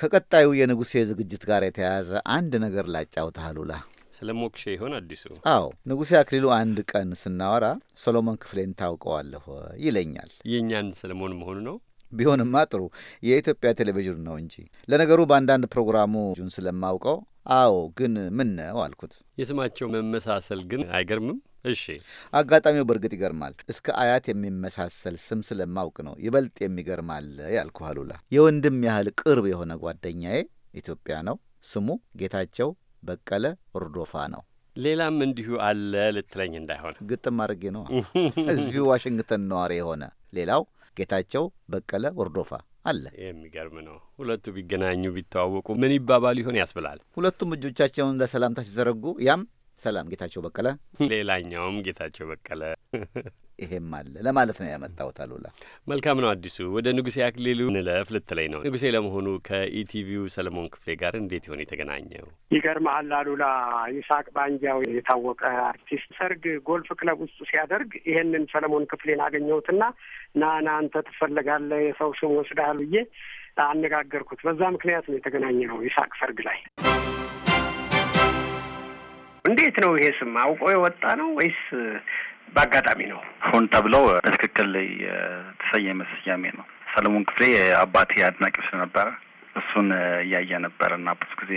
C: ከቀጣዩ የንጉሴ ዝግጅት ጋር የተያያዘ አንድ ነገር ላጫውትህ አሉላ።
B: ስለ ሞክሼ ይሆን አዲሱ? አዎ
C: ንጉሴ አክሊሉ አንድ ቀን ስናወራ ሰሎሞን ክፍሌን ታውቀዋለሁ ይለኛል።
B: የእኛን ሰለሞን መሆኑ ነው።
C: ቢሆንማ ጥሩ የኢትዮጵያ ቴሌቪዥን ነው እንጂ። ለነገሩ በአንዳንድ ፕሮግራሙ ጁን ስለማውቀው አዎ ግን ምን ነው አልኩት።
B: የስማቸው መመሳሰል ግን አይገርምም? እሺ
C: አጋጣሚው በእርግጥ ይገርማል። እስከ አያት የሚመሳሰል ስም ስለማውቅ ነው ይበልጥ የሚገርማል ያልኩ አሉላ። የወንድም ያህል ቅርብ የሆነ ጓደኛዬ ኢትዮጵያ ነው። ስሙ ጌታቸው በቀለ ኦርዶፋ ነው።
B: ሌላም እንዲሁ አለ ልትለኝ
C: እንዳይሆነ ግጥም አድርጌ ነው። እዚሁ ዋሽንግተን ነዋሪ የሆነ ሌላው ጌታቸው
B: በቀለ ኦርዶፋ አለ። የሚገርም ነው። ሁለቱ ቢገናኙ ቢተዋወቁ ምን ይባባል ይሆን ያስብላል።
C: ሁለቱም እጆቻቸውን ለሰላምታ ሲዘረጉ ያም ሰላም ጌታቸው በቀለ።
B: ሌላኛውም ጌታቸው በቀለ ይሄም አለ ለማለት ነው ያመጣሁት። አሉላ መልካም ነው። አዲሱ ወደ ንጉሴ አክሊሉ ንለፍ ልትለኝ ነው። ንጉሴ ለመሆኑ ከኢቲቪው ሰለሞን ክፍሌ ጋር እንዴት ይሆን የተገናኘው?
H: ይገርመሃል አሉላ ይስሐቅ ባንጃው የታወቀ አርቲስት ሰርግ ጎልፍ ክለብ ውስጥ ሲያደርግ ይሄንን ሰለሞን ክፍሌን አገኘሁትና ና ና አንተ ትፈለጋለህ የሰው ስም ወስደሃል ብዬ አነጋገርኩት። በዛ ምክንያት ነው የተገናኘ ነው ይስሐቅ ሰርግ ላይ እንዴት ነው ይሄ ስም አውቆ የወጣ ነው ወይስ በአጋጣሚ ነው?
D: ሆን ተብሎ በትክክል የተሰየመ ስያሜ ነው። ሰለሞን ክፍሌ አባቴ አድናቂ ስለነበረ እሱን እያየ ነበር እና ብዙ ጊዜ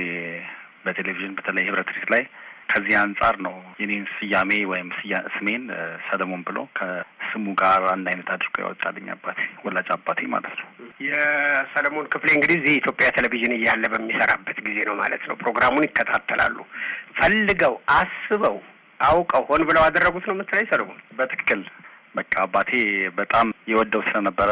D: በቴሌቪዥን በተለይ ህብረት ላይ ከዚህ አንጻር ነው የኔን ስያሜ ወይም ስሜን ሰለሞን ብሎ ከስሙ ጋር አንድ አይነት አድርጎ ያወጣልኝ አባቴ ወላጅ
H: አባቴ ማለት ነው። የሰለሞን ክፍሌ እንግዲህ እዚህ ኢትዮጵያ ቴሌቪዥን እያለ በሚሰራበት ጊዜ ነው ማለት ነው። ፕሮግራሙን ይከታተላሉ። ፈልገው አስበው አውቀው ሆን ብለው
D: አደረጉት ነው የምትለኝ ሰለሞን? በትክክል በቃ አባቴ በጣም የወደው ስለነበረ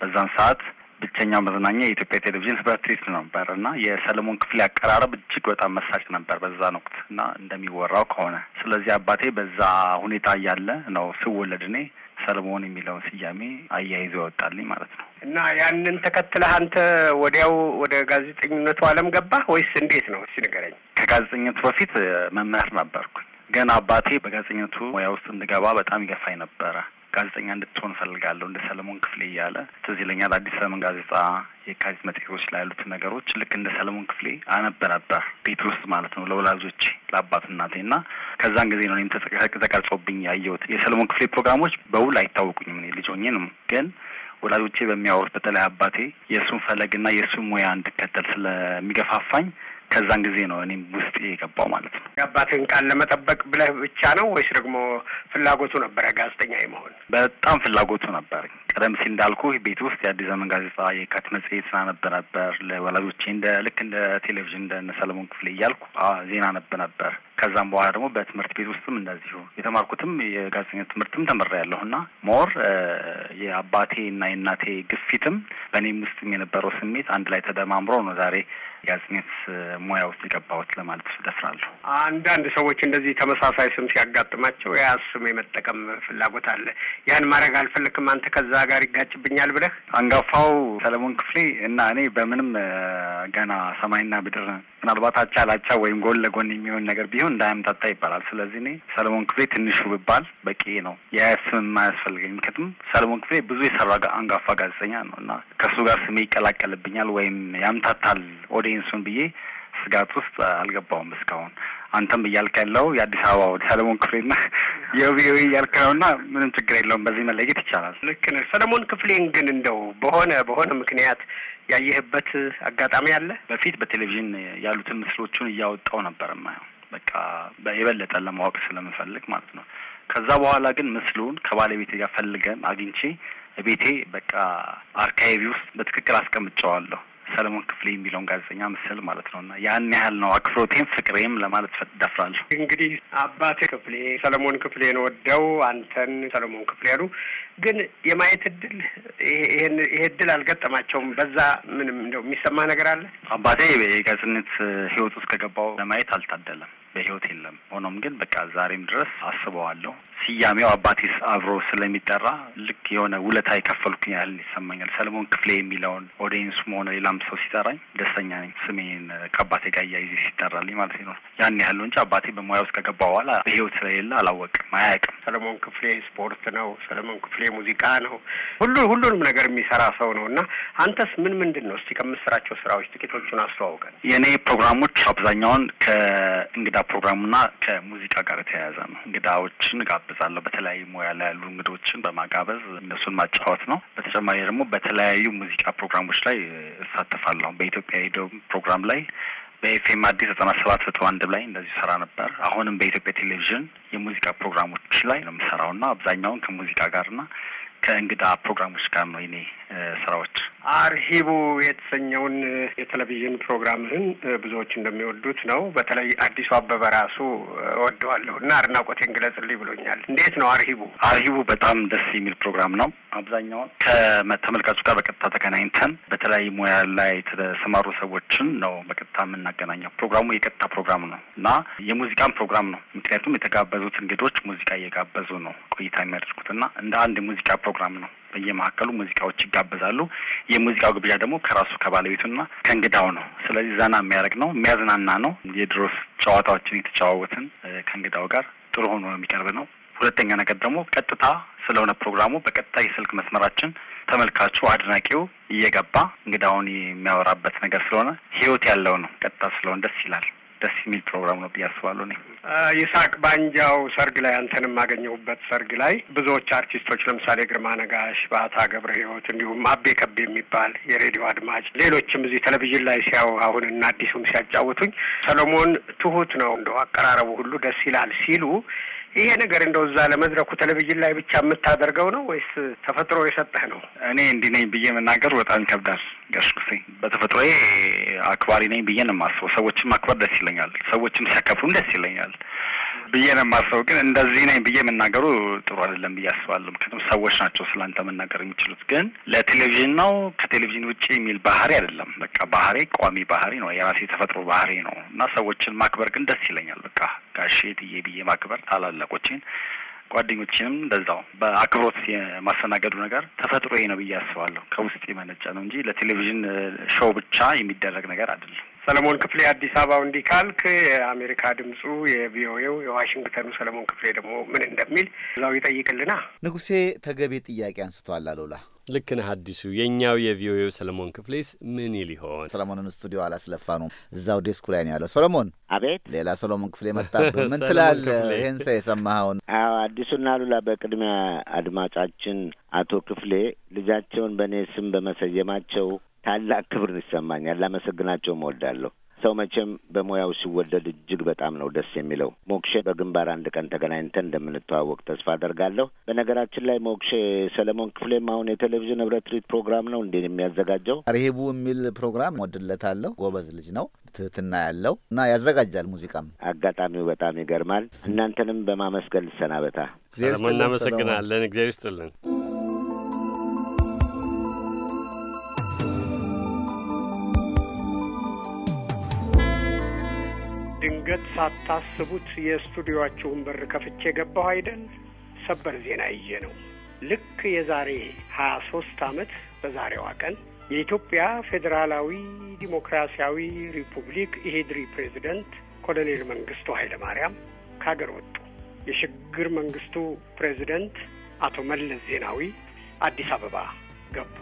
D: በዛን ሰዓት ብቸኛው መዝናኛ የኢትዮጵያ ቴሌቪዥን ህብረት ትርኢት ነበር እና የሰለሞን ክፍሌ አቀራረብ እጅግ በጣም መሳጭ ነበር በዛን ወቅት እና እንደሚወራው ከሆነ ስለዚህ አባቴ በዛ ሁኔታ እያለ ነው ስወለድ እኔ ሰለሞን የሚለውን ስያሜ አያይዞ ይወጣልኝ ማለት ነው።
H: እና ያንን ተከትለህ አንተ ወዲያው ወደ ጋዜጠኝነቱ ዓለም ገባህ ወይስ እንዴት ነው? እስኪ ንገረኝ። ከጋዜጠኝነቱ በፊት መምህር ነበርኩኝ፣ ግን አባቴ በጋዜጠኝነቱ
D: ሙያ ውስጥ እንድገባ በጣም ይገፋኝ ነበረ። ጋዜጠኛ እንድትሆን ፈልጋለሁ እንደ ሰለሞን ክፍሌ እያለ ትዝ ይለኛል። አዲስ ዘመን ጋዜጣ፣ የካቲት መጽሔቶች ላይ ያሉት ነገሮች ልክ እንደ ሰለሞን ክፍሌ አነብ ነበር ቤት ውስጥ ማለት ነው ለወላጆቼ ለአባት እናቴ እና ከዛን ጊዜ ነው እኔም ተቀርጾብኝ ያየሁት። የሰለሞን ክፍሌ ፕሮግራሞች በውል አይታወቁኝም። እኔ ልጅ ሆኜ ነው ግን ወላጆቼ በሚያወሩት በተለይ አባቴ የእሱን ፈለግና የእሱን ሙያ እንድከተል ስለሚገፋፋኝ ከዛን ጊዜ ነው እኔም ውስጥ የገባው ማለት ነው።
H: የአባትን ቃል ለመጠበቅ ብለህ ብቻ ነው ወይስ ደግሞ ፍላጎቱ ነበረ ጋዜጠኛ የመሆን?
D: በጣም ፍላጎቱ ነበር። ቀደም ሲል እንዳልኩ ቤት ውስጥ የአዲስ ዘመን ጋዜጣ፣ የካት መጽሔት ስናነብ ነበር። ለወላጆቼ እንደ ልክ እንደ ቴሌቪዥን እንደ ሰለሞን ክፍሌ እያልኩ ዜና አነብ ነበር። ከዛም በኋላ ደግሞ በትምህርት ቤት ውስጥም እንደዚሁ የተማርኩትም የጋዜጠኛ ትምህርትም ተምሬያለሁ እና ሞር የአባቴ እና የእናቴ ግፊትም በእኔም ውስጥም የነበረው ስሜት አንድ ላይ ተደማምሮ ነው ዛሬ ጋዜጠኝነት ሙያ ውስጥ የገባሁት ለማለት ደፍራለሁ።
H: አንዳንድ ሰዎች እንደዚህ ተመሳሳይ ስም ሲያጋጥማቸው ያ ስም የመጠቀም ፍላጎት አለ። ያን ማድረግ አልፈለክም አንተ ከዛ ጋር ይጋጭብኛል ብለህ
D: አንጋፋው ሰለሞን ክፍሌ እና እኔ በምንም ገና ሰማይና ምድር ምናልባት አቻ ላቻ ወይም ጎን ለጎን የሚሆን ነገር ቢሆን እንዳያምታታ ይባላል። ስለዚህ እኔ ሰለሞን ክፍሌ ትንሹ ብባል በቂ ነው። የስም የማያስፈልገኝ ምክንያቱም ሰለሞን ክፍሌ ብዙ የሰራ አንጋፋ ጋዜጠኛ ነው እና ከእሱ ጋር ስሜ ይቀላቀልብኛል ወይም ያምታታል ኦዲ ኤክስፒሪየንሱን ብዬ ስጋት ውስጥ አልገባውም እስካሁን። አንተም እያልክ ያለው የአዲስ አበባው ሰለሞን ክፍሌና
H: የቪኦኤ እያልክ ነው እና
D: ምንም ችግር የለውም። በዚህ መለየት ይቻላል። ልክ ነህ
H: ሰለሞን ክፍሌን
D: ግን እንደው በሆነ በሆነ ምክንያት ያየህበት አጋጣሚ አለ? በፊት በቴሌቪዥን ያሉትን ምስሎቹን እያወጣው ነበር የማየው በቃ የበለጠ ለማወቅ ስለምፈልግ ማለት ነው። ከዛ በኋላ ግን ምስሉን ከባለቤት ጋር ፈልገን አግኝቼ ቤቴ በቃ አርካይቪ ውስጥ በትክክል አስቀምጨዋለሁ። ሰለሞን ክፍሌ የሚለውን ጋዜጠኛ ምስል ማለት ነው እና ያን ያህል ነው አክብሮቴም ፍቅሬም ለማለት ደፍራለሁ።
H: እንግዲህ አባቴ ክፍሌ ሰለሞን ክፍሌን ወደው አንተን ሰለሞን ክፍሌ ያሉ ግን የማየት እድል ይሄን ይሄ እድል አልገጠማቸውም። በዛ ምንም እንደው የሚሰማ ነገር አለ።
D: አባቴ የጋዜጠነት ህይወት ውስጥ ከገባው ለማየት አልታደለም። በህይወት የለም። ሆኖም ግን በቃ ዛሬም ድረስ አስበዋለሁ። ስያሜው አባቴስ አብሮ ስለሚጠራ ልክ የሆነ ውለታ የከፈልኩኝ ያህል ይሰማኛል። ሰለሞን ክፍሌ የሚለውን ኦዲየንሱም ሆነ ሌላም ሰው ሲጠራኝ ደስተኛ ነኝ። ስሜን ከአባቴ ጋር እያይዜ ሲጠራልኝ ማለት ነው። ያን ያህል እንጂ አባቴ በሙያ ውስጥ ከገባ በኋላ በህይወት ስለሌለ አላወቅም፣
H: አያውቅም። ሰለሞን ክፍሌ ስፖርት ነው። ሰለሞን ክፍሌ ሙዚቃ ነው። ሁሉ ሁሉንም ነገር የሚሰራ ሰው ነው እና አንተስ ምን ምንድን ነው? እስቲ ከምትሰራቸው ስራዎች ጥቂቶቹን አስተዋውቀን። የእኔ ፕሮግራሞች
D: አብዛኛውን ከእንግዳ እንግዳ ፕሮግራሙና ከሙዚቃ ጋር የተያያዘ ነው። እንግዳዎችን ጋብዛለሁ። በተለያዩ ሙያ ላይ ያሉ እንግዶችን በማጋበዝ እነሱን ማጫወት ነው። በተጨማሪ ደግሞ በተለያዩ ሙዚቃ ፕሮግራሞች ላይ እሳተፋለሁ። በኢትዮጵያ ሬዲዮ ፕሮግራም ላይ በኤፍኤም አዲስ ዘጠና ሰባት ነጥብ አንድ ላይ እንደዚህ ሰራ ነበር። አሁንም በኢትዮጵያ ቴሌቪዥን የሙዚቃ ፕሮግራሞች ላይ ነው የምሰራው እና አብዛኛውን ከሙዚቃ ጋርና ከእንግዳ ፕሮግራሞች ጋር ነው ይኔ ስራዎች
H: አርሂቡ የተሰኘውን የቴሌቪዥን ፕሮግራምህን ብዙዎች እንደሚወዱት ነው። በተለይ አዲሱ አበበ ራሱ ወደዋለሁ እና አድናቆቴን ግለጽልኝ ብሎኛል። እንዴት ነው አርሂቡ?
D: አርሂቡ በጣም ደስ የሚል ፕሮግራም ነው። አብዛኛውን ከተመልካቹ ጋር በቀጥታ ተገናኝተን በተለያዩ ሙያ ላይ የተሰማሩ ሰዎችን ነው በቀጥታ የምናገናኘው። ፕሮግራሙ የቀጥታ ፕሮግራም ነው እና የሙዚቃም ፕሮግራም ነው። ምክንያቱም የተጋበዙት እንግዶች ሙዚቃ እየጋበዙ ነው ቆይታ የሚያደርጉት እና እንደ አንድ የሙዚቃ ፕሮግራም ነው። በየመካከሉ ሙዚቃዎች ይጋበዛሉ። የሙዚቃው ግብዣ ደግሞ ከራሱ ከባለቤቱና ከእንግዳው ነው። ስለዚህ ዘና የሚያደርግ ነው፣ የሚያዝናና ነው። የድሮስ ጨዋታዎችን የተጫዋወትን ከእንግዳው ጋር ጥሩ ሆኖ የሚቀርብ ነው። ሁለተኛ ነገር ደግሞ ቀጥታ ስለሆነ ፕሮግራሙ በቀጥታ የስልክ መስመራችን ተመልካቹ አድናቂው እየገባ እንግዳውን የሚያወራበት ነገር ስለሆነ ህይወት ያለው ነው። ቀጥታ ስለሆነ ደስ ይላል። ደስ የሚል ፕሮግራም ነው ብዬ አስባለሁ። እኔ
H: ይስሐቅ ባንጃው ሰርግ ላይ አንተን የማገኘሁበት ሰርግ ላይ ብዙዎች አርቲስቶች ለምሳሌ ግርማ ነጋሽ፣ በአታ ገብረ ህይወት እንዲሁም አቤ ከቤ የሚባል የሬዲዮ አድማጭ ሌሎችም እዚህ ቴሌቪዥን ላይ ሲያው አሁን እና አዲሱም ሲያጫውቱኝ ሰሎሞን ትሁት ነው እንደው አቀራረቡ ሁሉ ደስ ይላል ሲሉ ይሄ ነገር እንደው እዛ ለመድረኩ ቴሌቪዥን ላይ ብቻ የምታደርገው ነው ወይስ ተፈጥሮ የሰጠህ ነው? እኔ እንዲህ ነኝ ብዬ
D: መናገር በጣም ይከብዳል። ገስኩሴ በተፈጥሮ አክባሪ ነኝ ብዬ ነው የማስበው። ሰዎችን ማክበር ደስ ይለኛል። ሰዎችን ሲያከብሩም ደስ ይለኛል። ብዬ ነው የማስበው። ግን እንደዚህ ነኝ ብዬ መናገሩ ጥሩ አይደለም ብዬ አስባለሁ። ምክንያቱም ሰዎች ናቸው ስለአንተ መናገር የሚችሉት። ግን ለቴሌቪዥን ነው ከቴሌቪዥን ውጭ የሚል ባህሪ አይደለም። በቃ ባህሪ ቋሚ ባህሪ ነው፣ የራሴ የተፈጥሮ ባህሪ ነው እና ሰዎችን ማክበር ግን ደስ ይለኛል። በቃ ጋሼ ትዬ ብዬ ማክበር ታላላቆችን ጓደኞችንም እንደዛው በአክብሮት የማስተናገዱ ነገር ተፈጥሮ ነው ብዬ አስባለሁ። ከውስጥ
H: የመነጨ ነው እንጂ ለቴሌቪዥን ሾው ብቻ የሚደረግ ነገር አይደለም። ሰለሞን ክፍሌ አዲስ አበባው እንዲህ ካልክ የአሜሪካ ድምፁ የቪኦኤው የዋሽንግተኑ ሰለሞን ክፍሌ ደግሞ ምን እንደሚል እዛው ይጠይቅልና።
C: ንጉሴ ተገቢ ጥያቄ አንስቷል። አሉላ
B: ልክ ነህ አዲሱ። የእኛው የቪኦኤው ሰለሞን ክፍሌስ ምን ይል ይሆን? ሰለሞንን ስቱዲዮ አላስለፋ ነው እዛው ዴስኩ ላይ
C: ነው ያለው። ሰለሞን አቤት፣ ሌላ ሰለሞን ክፍሌ መጣብህ። ምን ትላለህ? ይህን ሰው የሰማኸውን? አዎ አዲሱና አሉላ፣ በቅድሚያ አድማጫችን አቶ ክፍሌ ልጃቸውን በእኔ ስም
F: በመሰየማቸው ታላቅ ክብር ይሰማኛል። ላመሰግናቸውም እወዳለሁ። ሰው መቼም በሙያው ሲወደድ እጅግ በጣም ነው ደስ የሚለው። ሞክሼ በግንባር አንድ ቀን ተገናኝተን እንደምንተዋወቅ ተስፋ አደርጋለሁ። በነገራችን ላይ ሞክሼ ሰለሞን ክፍሌም አሁን የቴሌቪዥን ህብረት ትርኢት ፕሮግራም
C: ነው እንዴ የሚያዘጋጀው? ርሂቡ የሚል ፕሮግራም ወድለታለሁ። ጎበዝ ልጅ ነው፣ ትህትና ያለው እና ያዘጋጃል ሙዚቃም። አጋጣሚው በጣም ይገርማል። እናንተንም በማመስገን ልሰናበታ።
B: ሰለሞን እናመሰግናለን። እግዚአብሔር ይስጥልን።
H: ድንገት ሳታስቡት የስቱዲዮአችሁን በር ከፍቼ ገባሁ አይደል? ሰበር ዜና ይዤ ነው። ልክ የዛሬ ሀያ ሶስት ዓመት በዛሬዋ ቀን የኢትዮጵያ ፌዴራላዊ ዲሞክራሲያዊ ሪፑብሊክ ኢሄድሪ ፕሬዚደንት ኮሎኔል መንግስቱ ኃይለ ማርያም ከሀገር ወጡ። የሽግግር መንግስቱ ፕሬዚደንት አቶ መለስ ዜናዊ አዲስ አበባ ገቡ።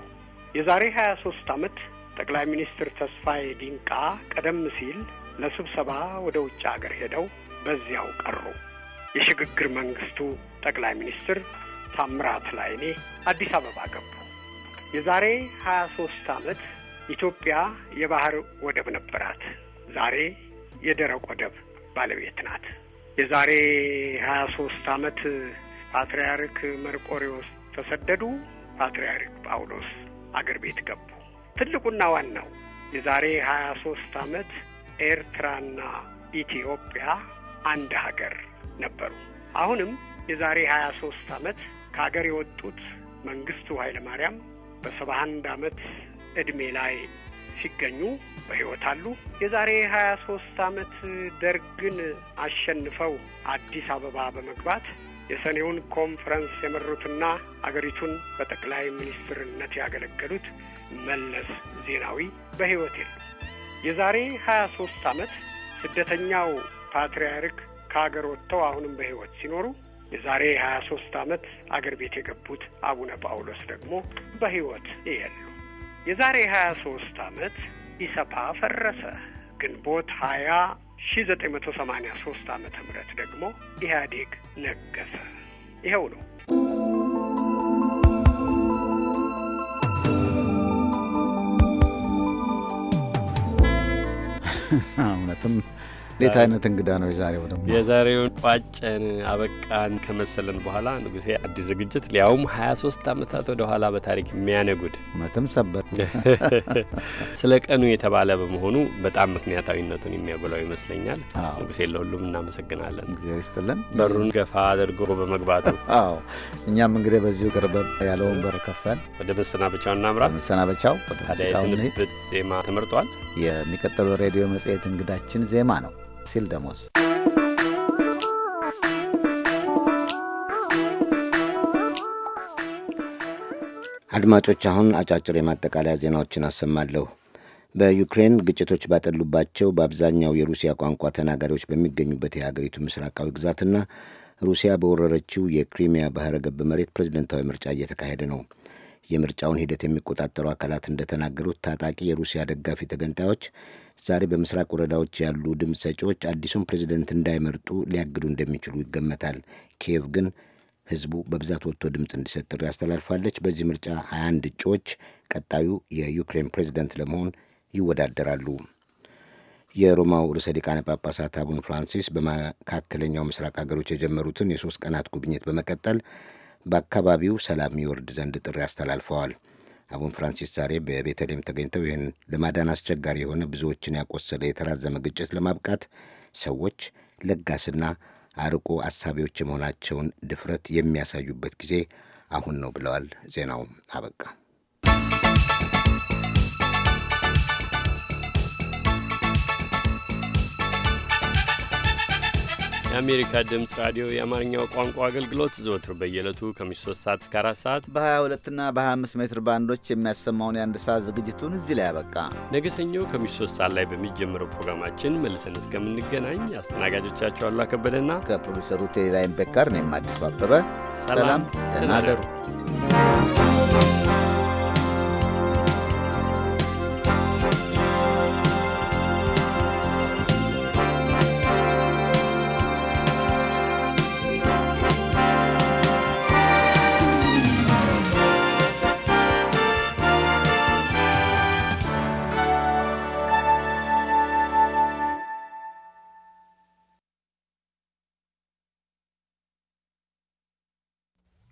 H: የዛሬ ሀያ ሶስት ዓመት ጠቅላይ ሚኒስትር ተስፋዬ ዲንቃ ቀደም ሲል ለስብሰባ ወደ ውጭ አገር ሄደው በዚያው ቀሩ። የሽግግር መንግስቱ ጠቅላይ ሚኒስትር ታምራት ላይኔ አዲስ አበባ ገቡ። የዛሬ 23 ዓመት ኢትዮጵያ የባህር ወደብ ነበራት። ዛሬ የደረቅ ወደብ ባለቤት ናት። የዛሬ 23 ዓመት ፓትርያርክ መርቆሪዎስ ተሰደዱ። ፓትርያርክ ጳውሎስ አገር ቤት ገቡ። ትልቁና ዋናው የዛሬ 23 ዓመት ኤርትራና ኢትዮጵያ አንድ ሀገር ነበሩ። አሁንም የዛሬ 23 ዓመት ከሀገር የወጡት መንግስቱ ኃይለማርያም በ 71 ዓመት ዕድሜ ላይ ሲገኙ በሕይወት አሉ። የዛሬ 23 ዓመት ደርግን አሸንፈው አዲስ አበባ በመግባት የሰኔውን ኮንፈረንስ የመሩትና አገሪቱን በጠቅላይ ሚኒስትርነት ያገለገሉት መለስ ዜናዊ በሕይወት የሉ። የዛሬ 23 ዓመት ስደተኛው ፓትርያርክ ከሀገር ወጥተው አሁንም በሕይወት ሲኖሩ የዛሬ 23 ዓመት አገር ቤት የገቡት አቡነ ጳውሎስ ደግሞ በሕይወት የሉ። የዛሬ 23 ዓመት ኢሰፓ ፈረሰ። ግንቦት 20 1983 ዓ ም ደግሞ ኢህአዴግ ነገሰ። ይኸው ነው።
A: እውነትም
C: እንዴት አይነት እንግዳ ነው የዛሬው! ደግሞ
B: የዛሬውን ቋጨን አበቃን ከመሰለን በኋላ ንጉሴ አዲስ ዝግጅት ሊያውም 23 ዓመታት ወደ ኋላ በታሪክ የሚያነጉድ
C: መትም ሰበር
B: ስለ ቀኑ የተባለ በመሆኑ በጣም ምክንያታዊነቱን የሚያጎላው ይመስለኛል። ንጉሴ ለሁሉም እናመሰግናለን። እግዚአብሔር ይስጥልን። በሩን ገፋ አድርጎ በመግባቱ
C: አዎ፣ እኛም እንግዲህ በዚሁ ቅርበብ ያለውን በር ከፍተን
B: ወደ መሰናበቻው እናምራ።
C: መሰናበቻው ታዲያ
B: የስንብት ዜማ ተመርጧል።
C: የሚቀጥለው ሬዲዮ መጽሔት እንግዳችን ዜማ ነው ሲል ደሞስ
F: አድማጮች፣ አሁን አጫጭር የማጠቃለያ ዜናዎችን አሰማለሁ። በዩክሬን ግጭቶች ባጠሉባቸው በአብዛኛው የሩሲያ ቋንቋ ተናጋሪዎች በሚገኙበት የሀገሪቱ ምስራቃዊ ግዛትና ሩሲያ በወረረችው የክሪሚያ ባህረ ገብ መሬት ፕሬዝደንታዊ ምርጫ እየተካሄደ ነው። የምርጫውን ሂደት የሚቆጣጠሩ አካላት እንደተናገሩት ታጣቂ የሩሲያ ደጋፊ ተገንጣዮች ዛሬ በምስራቅ ወረዳዎች ያሉ ድምፅ ሰጪዎች አዲሱን ፕሬዚደንት እንዳይመርጡ ሊያግዱ እንደሚችሉ ይገመታል። ኪየቭ ግን ህዝቡ በብዛት ወጥቶ ድምፅ እንዲሰጥ ጥሪ ያስተላልፋለች። በዚህ ምርጫ 21 እጩዎች ቀጣዩ የዩክሬን ፕሬዚደንት ለመሆን ይወዳደራሉ። የሮማው ርዕሰ ሊቃነ ጳጳሳት አቡን ፍራንሲስ በመካከለኛው ምስራቅ ሀገሮች የጀመሩትን የሶስት ቀናት ጉብኝት በመቀጠል በአካባቢው ሰላም ይወርድ ዘንድ ጥሪ አስተላልፈዋል። አቡን ፍራንሲስ ዛሬ በቤተልሔም ተገኝተው ይህን ለማዳን አስቸጋሪ የሆነ ብዙዎችን ያቆሰለ የተራዘመ ግጭት ለማብቃት ሰዎች ለጋስና አርቆ አሳቢዎች የመሆናቸውን ድፍረት የሚያሳዩበት ጊዜ አሁን ነው ብለዋል። ዜናው አበቃ።
B: የአሜሪካ ድምፅ ራዲዮ የአማርኛው ቋንቋ አገልግሎት ዘወትር በየዕለቱ ከምሽቱ 3 ሰዓት እስከ 4 ሰዓት
C: በ22 እና በ25 ሜትር ባንዶች የሚያሰማውን የአንድ ሰዓት ዝግጅቱን እዚህ ላይ ያበቃ።
B: ነገ ሰኞ ከምሽቱ 3 ሰዓት ላይ በሚጀምረው ፕሮግራማችን መልሰን እስከምንገናኝ አስተናጋጆቻቸው አሉ አከበደና
C: ከፕሮዲሰሩ ቴሌላይን ቤክ ጋር እኔም አዲሱ አበበ ሰላም ተናደሩ።